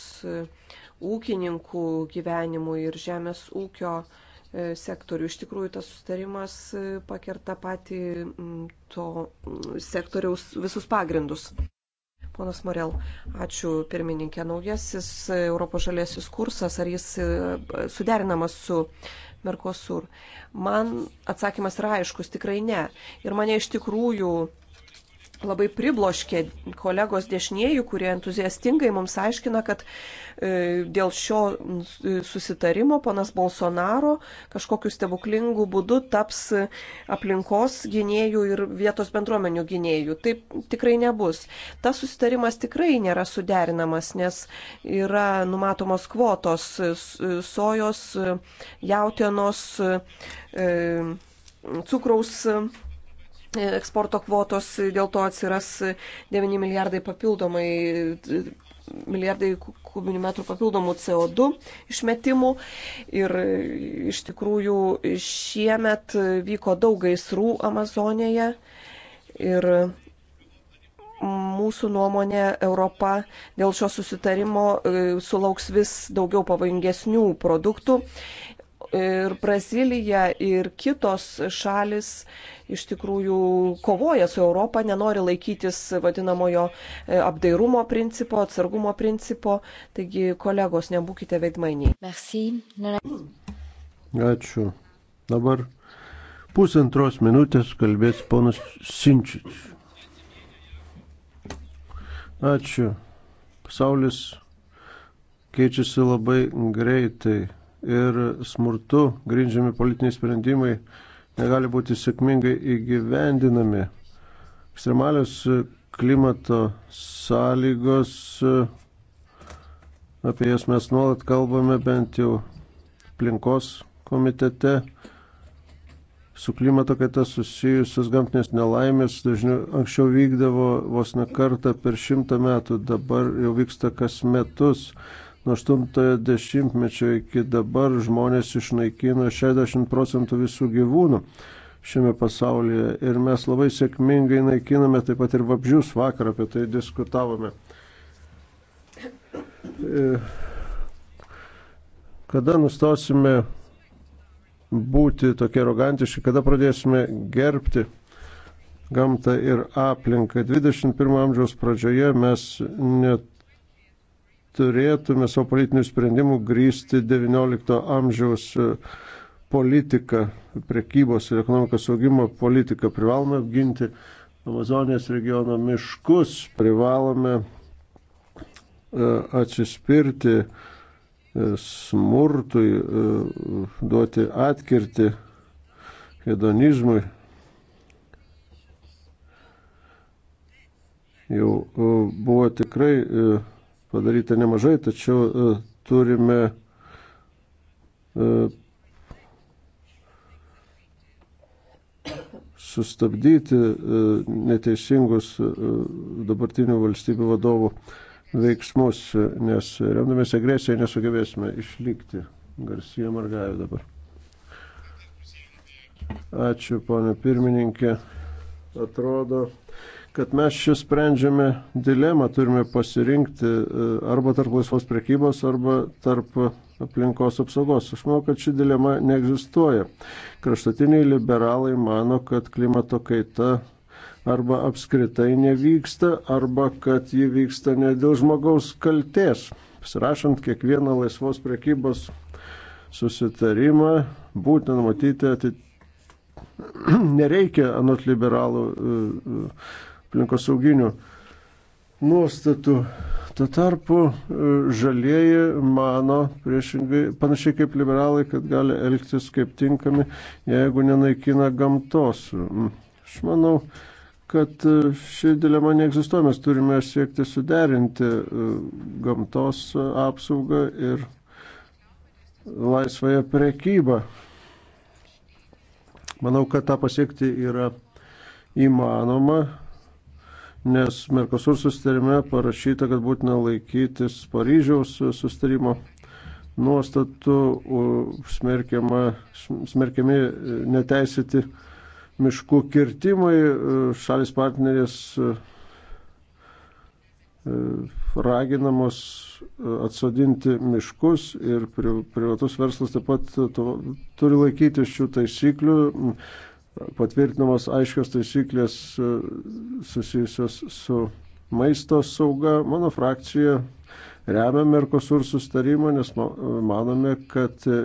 ūkininkų gyvenimui ir žemės ūkio e, sektorių. Iš tikrųjų, tas sustarimas e, pakerta patį to sektoriaus visus pagrindus. Ponas Morel, ačiū pirmininkė. Naujasis Europos žalėsis kursas, ar jis e, suderinamas su Merkosur? Man atsakymas yra aiškus, tikrai ne. Ir mane iš tikrųjų labai pribloškė kolegos dešinieji, kurie entuziastingai mums aiškina, kad e, dėl šio susitarimo panas Bolsonaro kažkokiu stebuklingu būdu taps aplinkos gynėjų ir vietos bendruomenių gynėjų. Taip tikrai nebus. Tas susitarimas tikrai nėra suderinamas, nes yra numatomos kvotos sojos, jautienos, e, cukraus eksporto kvotos, dėl to atsiras 9 milijardai papildomai milijardai kubinių metrų papildomų CO2 išmetimų. Ir iš tikrųjų šiemet vyko daug gaisrų Amazonėje. Ir mūsų nuomonė Europa dėl šio susitarimo e, sulauks vis daugiau pavojingesnių produktų ir Brazilija, ir kitos šalis iš tikrųjų kovoja su Europą, nenori laikytis vadinamojo e, apdairumo principo, atsargumo principo. Taigi, kolegos, nebūkite veidmainiai. Ačiū. Dabar pusantros minutės kalbės ponas Sinčič. Ačiū. Pasaulis keičiasi labai greitai ir smurtu grindžiami politiniai sprendimai negali būti sėkmingai įgyvendinami. Ekstremalios klimato sąlygos, apie jas mes nuolat kalbame bent jau aplinkos komitete, su klimato kaita susijusios gamtinės nelaimės dažniau anksčiau vykdavo vos ne kartą per šimtą metų, dabar jau vyksta kas metus. Nuo 80-mečio iki dabar žmonės išnaikino 60 procentų visų gyvūnų šiame pasaulyje ir mes labai sėkmingai naikiname taip pat ir vabžius vakar apie tai diskutavome. E, kada nustosime būti tokie arogantiški, kada pradėsime gerbti gamtą ir aplinką. 21 amžiaus pradžioje mes net turėtume savo politinių sprendimų grįsti XIX amžiaus e, politiką, prekybos ir ekonomikos saugimo politiką. Privalome apginti Amazonijos regiono miškus, privalome e, atsispirti e, smurtui, duoti atkirti hedonizmui. Jau buvo tikrai padaryta nemažai, tačiau e, turime e, sustabdyti e, neteisingus dabartinių valstybių vadovų veiksmus, nes remdamės agresiją nesugebėsime išlikti. Garsija Margajo dabar. Ačiū, ponė pirmininkė. Atrodo, kad mes čia sprendžiame dilemą, turime pasirinkti e, arba tarp laisvos prekybos, arba tarp aplinkos apsaugos. Aš manau, kad ši dilema neegzistuoja. Kraštutiniai liberalai mano, kad klimato kaita arba apskritai nevyksta, arba kad ji vyksta ne dėl žmogaus kalties. Pasirašant kiekvieną laisvos prekybos susitarimą, būtent matyti atitinkamą nereikia, anot liberalų, e, e, aplinkosauginių nuostatų. Tuo tarpu e, žalieji mano, priešingai, panašiai kaip liberalai, kad gali elgtis kaip tinkami, jeigu nenaikina gamtos. Mm. Aš manau, kad e, ši dilema neegzistuoja, mes turime siekti suderinti e, gamtos apsaugą ir laisvąją prekybą. Manau, kad tą pasiekti yra įmanoma, nes Merkosur susitarime parašyta, kad būtina laikytis Paryžiaus susitarimo nuostatų, smerkiami e, neteisėti miškų kirtimai, e, šalis partnerės e, raginamos atsodinti miškus ir privatus verslas taip pat turi laikyti šių taisyklių patvirtinamos aiškios taisyklės e, susijusios su maisto sauga. Mano frakcija remia Merkosur sustarimą, nes manome, kad e,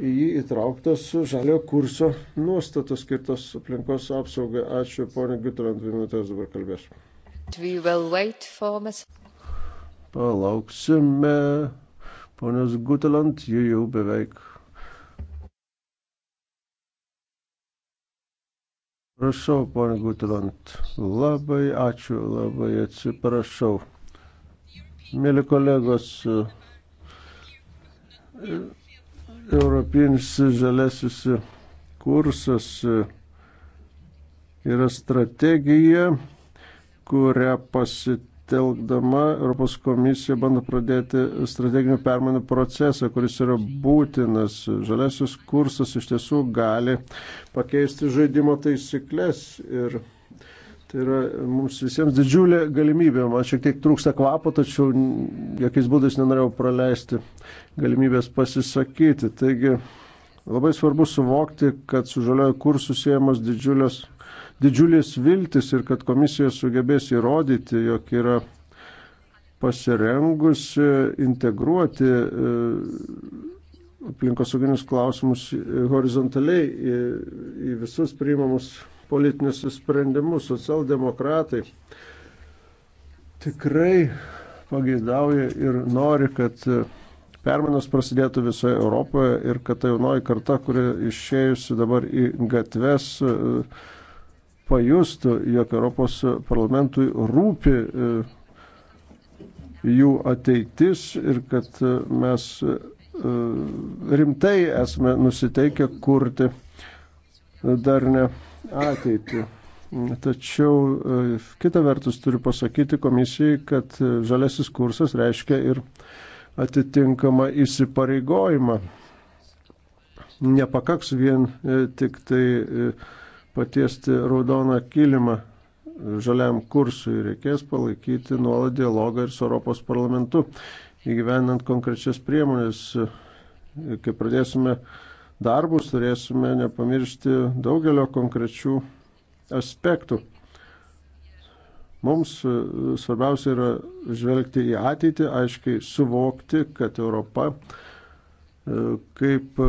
į jį įtrauktas žalio kurso nuostatos skirtos aplinkos apsaugai. Ačiū, ponė Gutran, dvi minutės dabar kalbės. Palauksime. Ponios Gutelant, jų jau beveik Prašau, ponė Gutilant, labai ačiū, labai atsiprašau. Mėly kolegos, Europinis žalesis kursas yra strategija, kurią pasitikė pasitelkdama Europos komisija bando pradėti strateginių permainų procesą, kuris yra būtinas. Žalesis kursas iš tiesų gali pakeisti žaidimo taisyklės ir tai yra mums visiems didžiulė galimybė. Man šiek tiek trūksta kvapo, tačiau jokiais būdais nenorėjau praleisti galimybės pasisakyti. Taigi, Labai svarbu suvokti, kad su žaliojo kursu siejamos didžiulės, didžiulės viltis ir kad komisija sugebės įrodyti, jog yra pasirengusi integruoti e, aplinkosauginius klausimus horizontaliai į, į visus priimamus politinius sprendimus. Socialdemokratai tikrai pageidauja ir nori, kad permainos prasidėtų visoje Europoje ir kad ta jaunoji karta, kuri išėjusi dabar į gatves, pajustų, jog Europos parlamentui rūpi e, jų ateitis ir kad e, mes e, rimtai esame nusiteikę kurti dar ne ateitį. Tačiau kitą vertus turiu pasakyti komisijai, kad žalesis kursas reiškia ir atitinkamą įsipareigojimą. Nepakaks vien e, tik tai e, patiesti raudoną kilimą žaliam kursui, reikės palaikyti nuolat dialogą ir su Europos parlamentu, įgyvenant konkrečias priemonės. E, kai pradėsime darbus, turėsime nepamiršti daugelio konkrečių aspektų. Mums e, svarbiausia yra žvelgti į ateitį, aiškiai suvokti, kad Europa e, kaip e,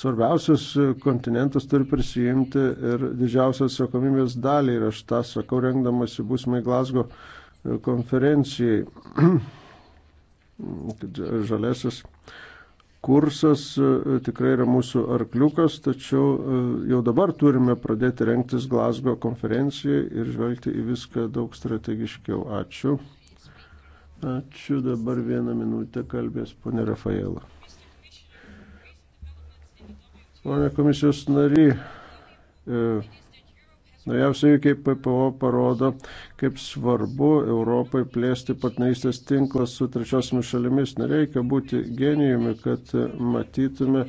svarbiausias kontinentas turi prisijimti ir didžiausią atsakomybės dalį. Ir aš tą sakau, rengdamasi būsimai Glasgo konferencijai. Žalesis kursas e, tikrai yra mūsų arkliukas, tačiau e, jau dabar turime pradėti renktis Glasgow konferencijai ir žvelgti į viską daug strategiškiau. Ačiū. Ačiū. Dabar vieną minutę kalbės ponė Rafaela. Pone komisijos nary, e, Naujausiai kaip PPO parodo, kaip svarbu Europai plėsti partnerystės tinklas su trečiosiomis šalimis. Nereikia būti genijumi, kad matytume,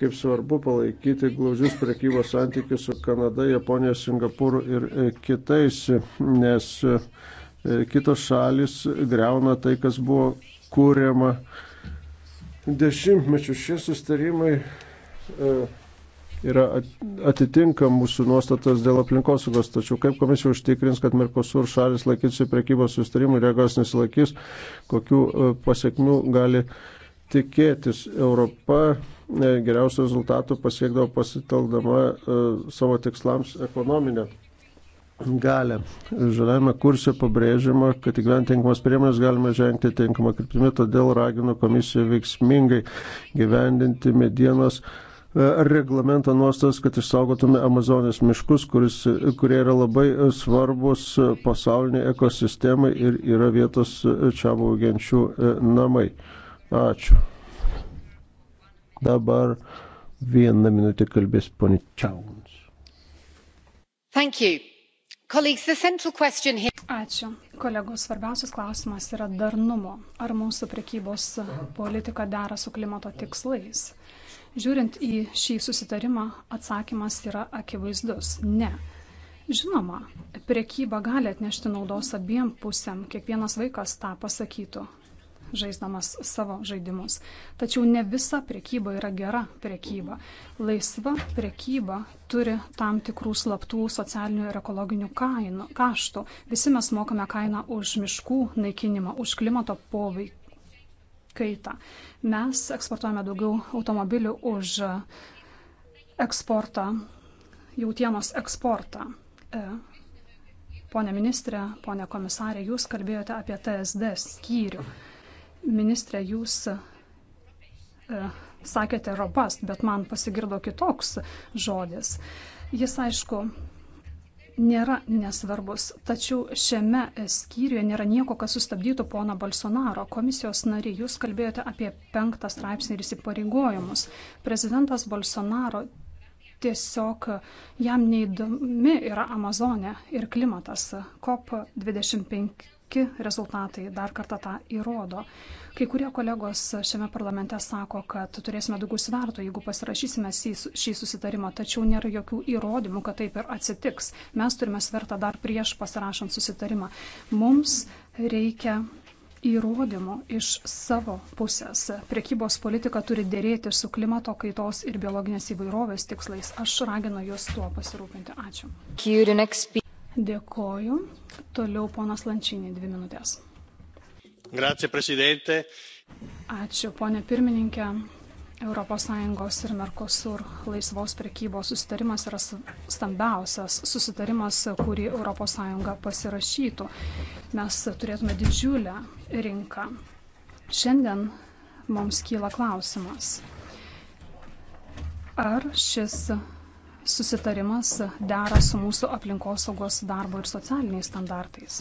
kaip svarbu palaikyti glaužius prekybos santykius su Kanada, Japonija, Singapūru ir e, kitais, nes e, kitos šalis greuna tai, kas buvo kūriama dešimtmečių. Šie sustarimai. E, yra atitinka mūsų nuostatas dėl aplinkosaugos, tačiau kaip komisija užtikrins, kad Merkosur šalis laikysi prekybos sustarimų ir jeigu jos nesilaikys, kokių e, pasiekmių gali tikėtis. Europa e, geriausių rezultatų pasiekdavo pasitelkdama e, savo tikslams ekonominę galę. Žaliame kurse pabrėžiama, kad įgyvent tinkamas priemonės galima žengti tinkamą kryptimį, todėl raginu komisiją veiksmingai gyvendinti medienos reglamento nuostas, kad išsaugotume Amazonės miškus, kuris, kurie yra labai svarbus pasauliniai ekosistemai ir yra vietos čia baugiančių e, namai. Ačiū. Dabar vieną minutę kalbės poni Čiauns. Ačiū. Kolegos, svarbiausias klausimas yra darnumo. Ar mūsų prekybos politika dera su klimato tikslais? Žiūrint į šį susitarimą, atsakymas yra akivaizdus - ne. Žinoma, priekyba gali atnešti naudos abiem pusėm, kiekvienas vaikas tą pasakytų, žaisdamas savo žaidimus. Tačiau ne visa priekyba yra gera priekyba. Laisva priekyba turi tam tikrų slaptų socialinių ir ekologinių kainų, kaštų. Visi mes mokame kainą už miškų naikinimą, už klimato poveikį kaitą. Mes eksportuojame daugiau automobilių už eksportą, jautienos eksportą. E, pone ministrė, pone komisarė, jūs kalbėjote apie TSD skyrių. Ministrė, jūs e, sakėte robust, bet man pasigirdo kitoks žodis. Jis, aišku, nėra nesvarbus, tačiau šiame skyriuje nėra nieko, kas sustabdytų pono Bolsonaro. Komisijos nariai, jūs kalbėjote apie penktą straipsnį ir įsipareigojimus. Prezidentas Bolsonaro tiesiog jam neįdomi yra Amazonė ir klimatas. COP25 Ki rezultatai dar kartą tą įrodo. Kai kurie kolegos šiame parlamente sako, kad turėsime daugiau svertų, jeigu pasirašysime šį susitarimą, tačiau nėra jokių įrodymų, kad taip ir atsitiks. Mes turime svertą dar prieš pasirašant susitarimą. Mums reikia įrodymų iš savo pusės. Prekybos politika turi dėrėti su klimato kaitos ir biologinės įvairovės tikslais. Aš raginu jūs tuo pasirūpinti. Ačiū. Dėkoju. Toliau ponas Lančinė, dvi minutės. Grazie, prezidente. Ačiū, ponė pirmininkė. ES ir Mercosur laisvos prekybos susitarimas yra stambiausias susitarimas, kurį ES pasirašytų. Mes turėtume didžiulę rinką. Šiandien mums kyla klausimas, ar šis susitarimas dera su mūsų aplinkosaugos darbo ir socialiniais standartais.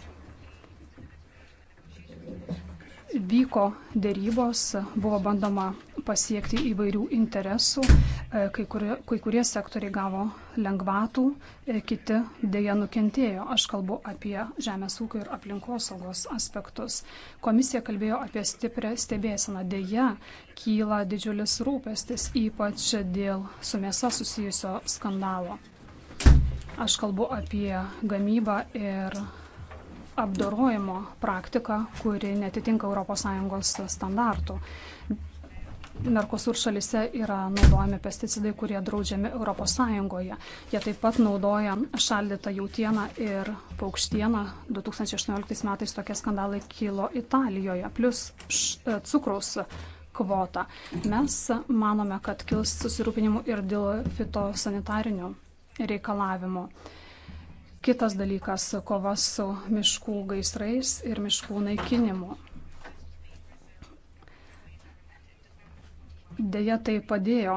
Vyko dėrybos, buvo bandoma pasiekti įvairių interesų. E, kai kurie, kai kurie sektoriai gavo lengvatų, e, kiti dėja nukentėjo. Aš kalbu apie žemės ūkio ir aplinkosaugos aspektus. Komisija kalbėjo apie stiprią stebėseną. Dėja kyla didžiulis rūpestis, ypač dėl su mėsa susijusio skandalo. Aš kalbu apie gamybą ir apdorojimo praktika, kuri netitinka ES standartų. Merkosur šalise yra naudojami pesticidai, kurie draudžiami ES. Jie taip pat naudoja šaldytą jautieną ir paukštieną. 2018 metais tokie skandalai kilo Italijoje, plus e, cukraus kvotą. Mes manome, kad kils susirūpinimų ir dėl fitosanitarinių reikalavimų. Kitas dalykas - kova su miškų gaisrais ir miškų naikinimu. Deja, tai padėjo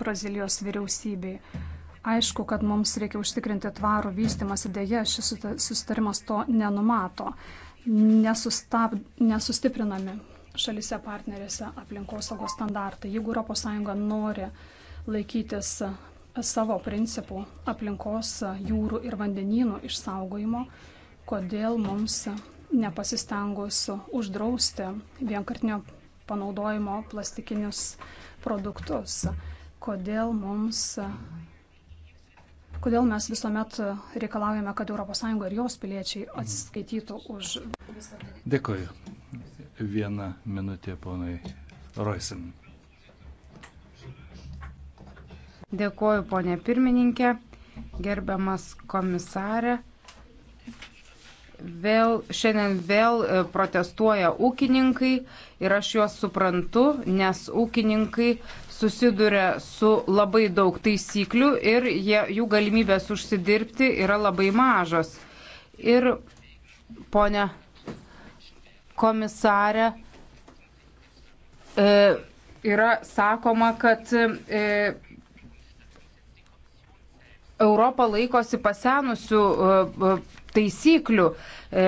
Brazilijos vyriausybei. Aišku, kad mums reikia užtikrinti tvarų vystimąsi, dėja šis susitarimas to nenumato. Nesustab, nesustiprinami šalise partnerėse aplinkosaugos standartai. Jeigu ES nori laikytis savo principų aplinkos jūrų ir vandenynų išsaugojimo, kodėl mums nepasistengus uždrausti vienkartinio panaudojimo plastikinius produktus. Kodėl mums. Kodėl mes visuomet reikalaujame, kad ES ir jos piliečiai atsiskaitytų už. Dėkoju. Viena minutė ponai Roisin. Dėkoju, ponė pirmininkė, gerbiamas komisarė. Vėl, šiandien vėl e, protestuoja ūkininkai ir aš juos suprantu, nes ūkininkai susiduria su labai daug taisyklių ir jie, jų galimybės užsidirbti yra labai mažos. Ir, ponia komisarė, e, yra sakoma, kad e, Europa laikosi pasenusių e, taisyklių, e,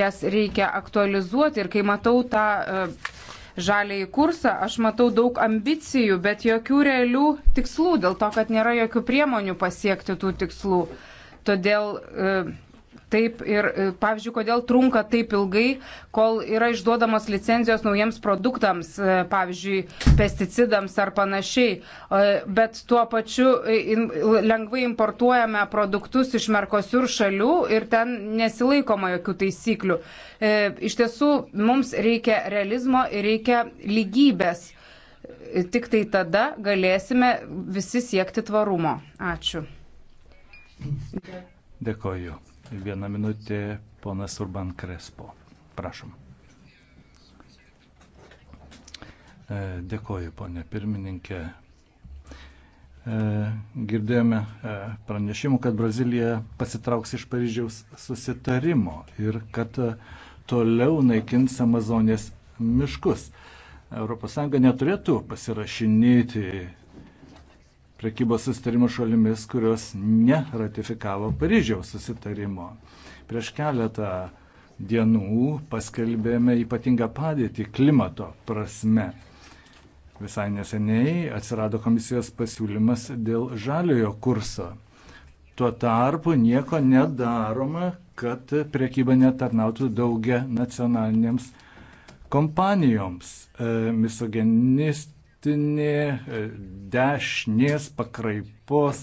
jas reikia aktualizuoti ir kai matau tą e, žaliai kursą, aš matau daug ambicijų, bet jokių realių tikslų, dėl to, kad nėra jokių priemonių pasiekti tų tikslų. Todėl e, Taip ir, e, pavyzdžiui, kodėl trunka taip ilgai, kol yra išduodamos licenzijos naujiems produktams, e, pavyzdžiui, pesticidams ar panašiai. E, bet tuo pačiu lengvai importuojame produktus iš Merkosiur šalių ir ten nesilaikoma jokių taisyklių. Iš tiesų, mums reikia realizmo ir reikia lygybės. Tik tai tada galėsime visi siekti tvarumo. Ačiū. Dėkoju. Vieną minutę ponas Urban Krespo. Prašom. E, dėkoju, ponė pirmininkė. E, girdėjome e, pranešimų, kad Brazilija pasitrauks iš Paryžiaus susitarimo ir kad toliau naikins Amazonės miškus. ES neturėtų pasirašinėti prekybos sustarimo šalimis, kurios neratifikavo Paryžiaus susitarimo. Prieš keletą dienų paskelbėme ypatingą padėtį klimato prasme. Visai neseniai atsirado komisijos pasiūlymas dėl žaliojo kurso. Tuo tarpu nieko nedaroma, kad priekyba netarnautų daugia nacionalinėms kompanijoms. E, Misogenist, kraštinė e, dešinės pakraipos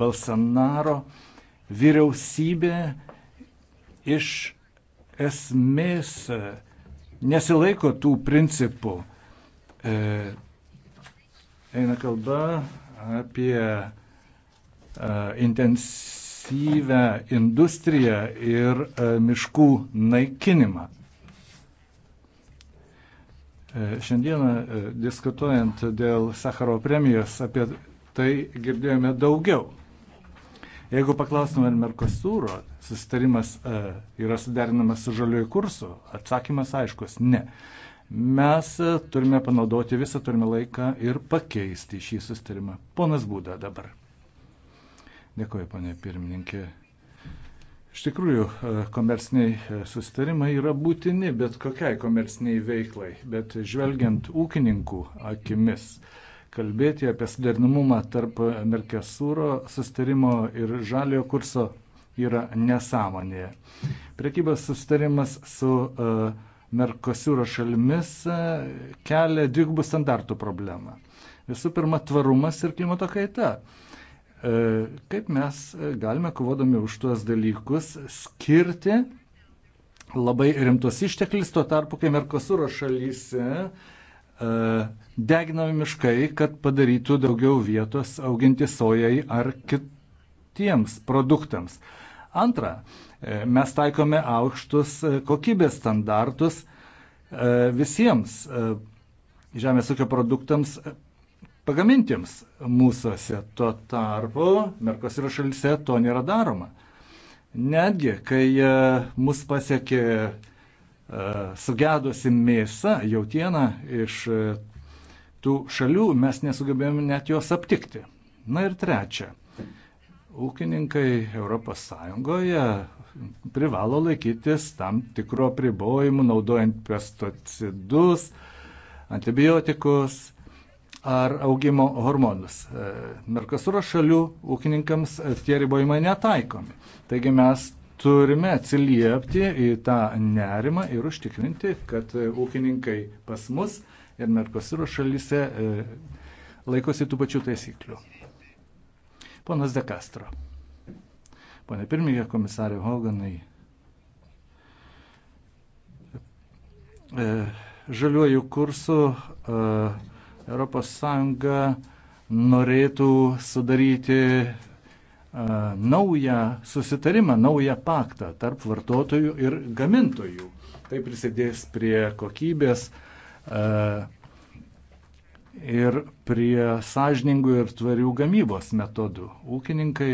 Balsanaro vyriausybė iš esmės e, nesilaiko tų principų. E, eina kalba apie intensyvę industriją ir miškų naikinimą. E, šiandieną e, diskutuojant dėl Sakaro premijos apie tai girdėjome daugiau. Jeigu paklaustume, ar Merkosūro susitarimas e, yra suderinamas su žaliuoju kursu, atsakymas aiškus - ne. Mes turime panaudoti visą turime laiką ir pakeisti šį susitarimą. Ponas Būda dabar. Dėkuoju, ponė pirmininkė. Iš tikrųjų, e, komerciniai e, sustarimai yra būtini bet kokiai komerciniai veiklai, bet žvelgiant ūkininkų akimis, kalbėti apie suderinamumą tarp Merkesūro sustarimo ir žaliojo kurso yra nesąmonė. Prekybos sustarimas su e, Merkosūro šalimis kelia dvigubų standartų problemą. Visų pirma, tvarumas ir klimato kaita. E, kaip mes galime, kovodami už tuos dalykus, skirti labai rimtus išteklius, tuo tarpu, kai Merkosūro šalyse e, deginami miškai, kad padarytų daugiau vietos auginti sojai ar kitiems produktams. Antra, e, mes taikome aukštus kokybės standartus visiems žemės ūkio produktams pagamintiems mūsųse. Tuo tarpu Merkosiro šalise to nėra daroma. Netgi, kai e, mus pasiekė e, sugedusi mėsa, jautiena iš e, tų šalių, mes nesugebėjome net jos aptikti. Na ir trečia, ūkininkai ES privalo laikytis tam tikro pribojimų, naudojant pesticidus, antibiotikus, ar augimo hormonus. E, Merkosuro šalių ūkininkams tie ribojimai netaikomi. Taigi mes turime atsiliepti į tą nerimą ir užtikrinti, kad ūkininkai pas mus ir Merkosuro šalyse e, laikosi tų pačių taisyklių. Ponas De Castro. Pone pirmininkė, komisarė Hoganai. E, žaliuoju kursu uh, ES norėtų sudaryti e, naują susitarimą, naują paktą tarp vartotojų ir gamintojų. Tai prisidės prie kokybės e, ir prie sąžiningų ir tvarių gamybos metodų. Ūkininkai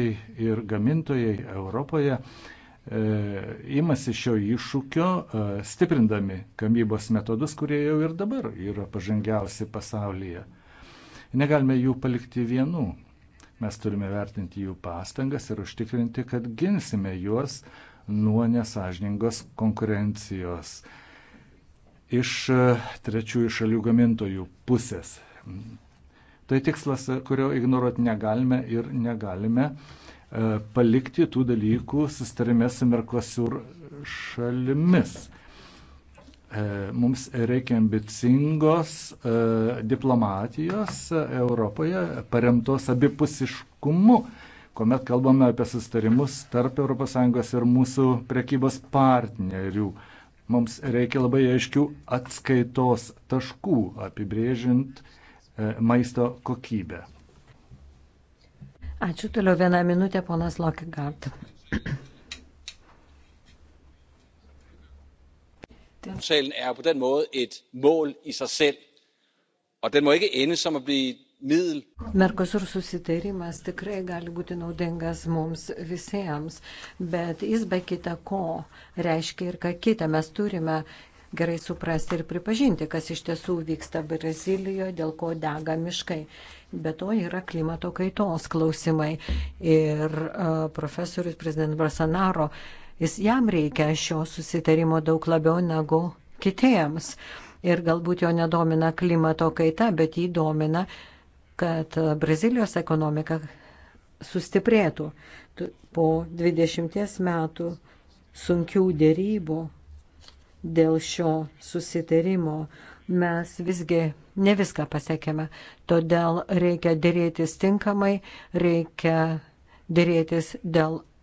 ir gamintojai Europoje uh, E, imasi šio iššūkio, e, stiprindami gamybos metodus, kurie jau ir dabar yra pažangiausi pasaulyje. Negalime jų palikti vienų. Mes turime vertinti jų pastangas ir užtikrinti, kad ginsime juos nuo nesažningos konkurencijos iš e, trečiųjų šalių gamintojų pusės. Tai tikslas, kurio ignoruoti negalime ir negalime uh, E, palikti tų dalykų sustarime su Merkosur šalimis. E, mums reikia ambicingos e, diplomatijos Europoje, paremtos abipusiškumu, kuomet kalbame apie sustarimus tarp ES ir mūsų prekybos partnerių. Mums reikia labai aiškių atskaitos taškų apibrėžint maisto kokybę. Ačiū toliau vieną minutę, ponas Lokigard. Aftalen er på den måde et mål i sig selv, og den må ikke ende som at blive middel. Merkosur susitarimas tikrai gali būti naudingas mums visiems, bet jis be kita ko reiškia ir ką kitą. Mes turime gerai suprasti ir pripažinti, kas iš tiesų vyksta Brazilijoje, dėl ko dega miškai. Be to yra klimato kaitos klausimai. Ir uh, profesorius prezident Brasanaro, jis jam reikia šio susitarimo daug labiau negu kitiems. Ir galbūt jo nedomina klimato kaita, bet jį domina, kad Brazilijos ekonomika sustiprėtų po 20 metų sunkių dėrybų dėl šio susitarimo mes visgi ne viską pasiekėme. Todėl reikia dėrėtis tinkamai, reikia dėrėtis dėl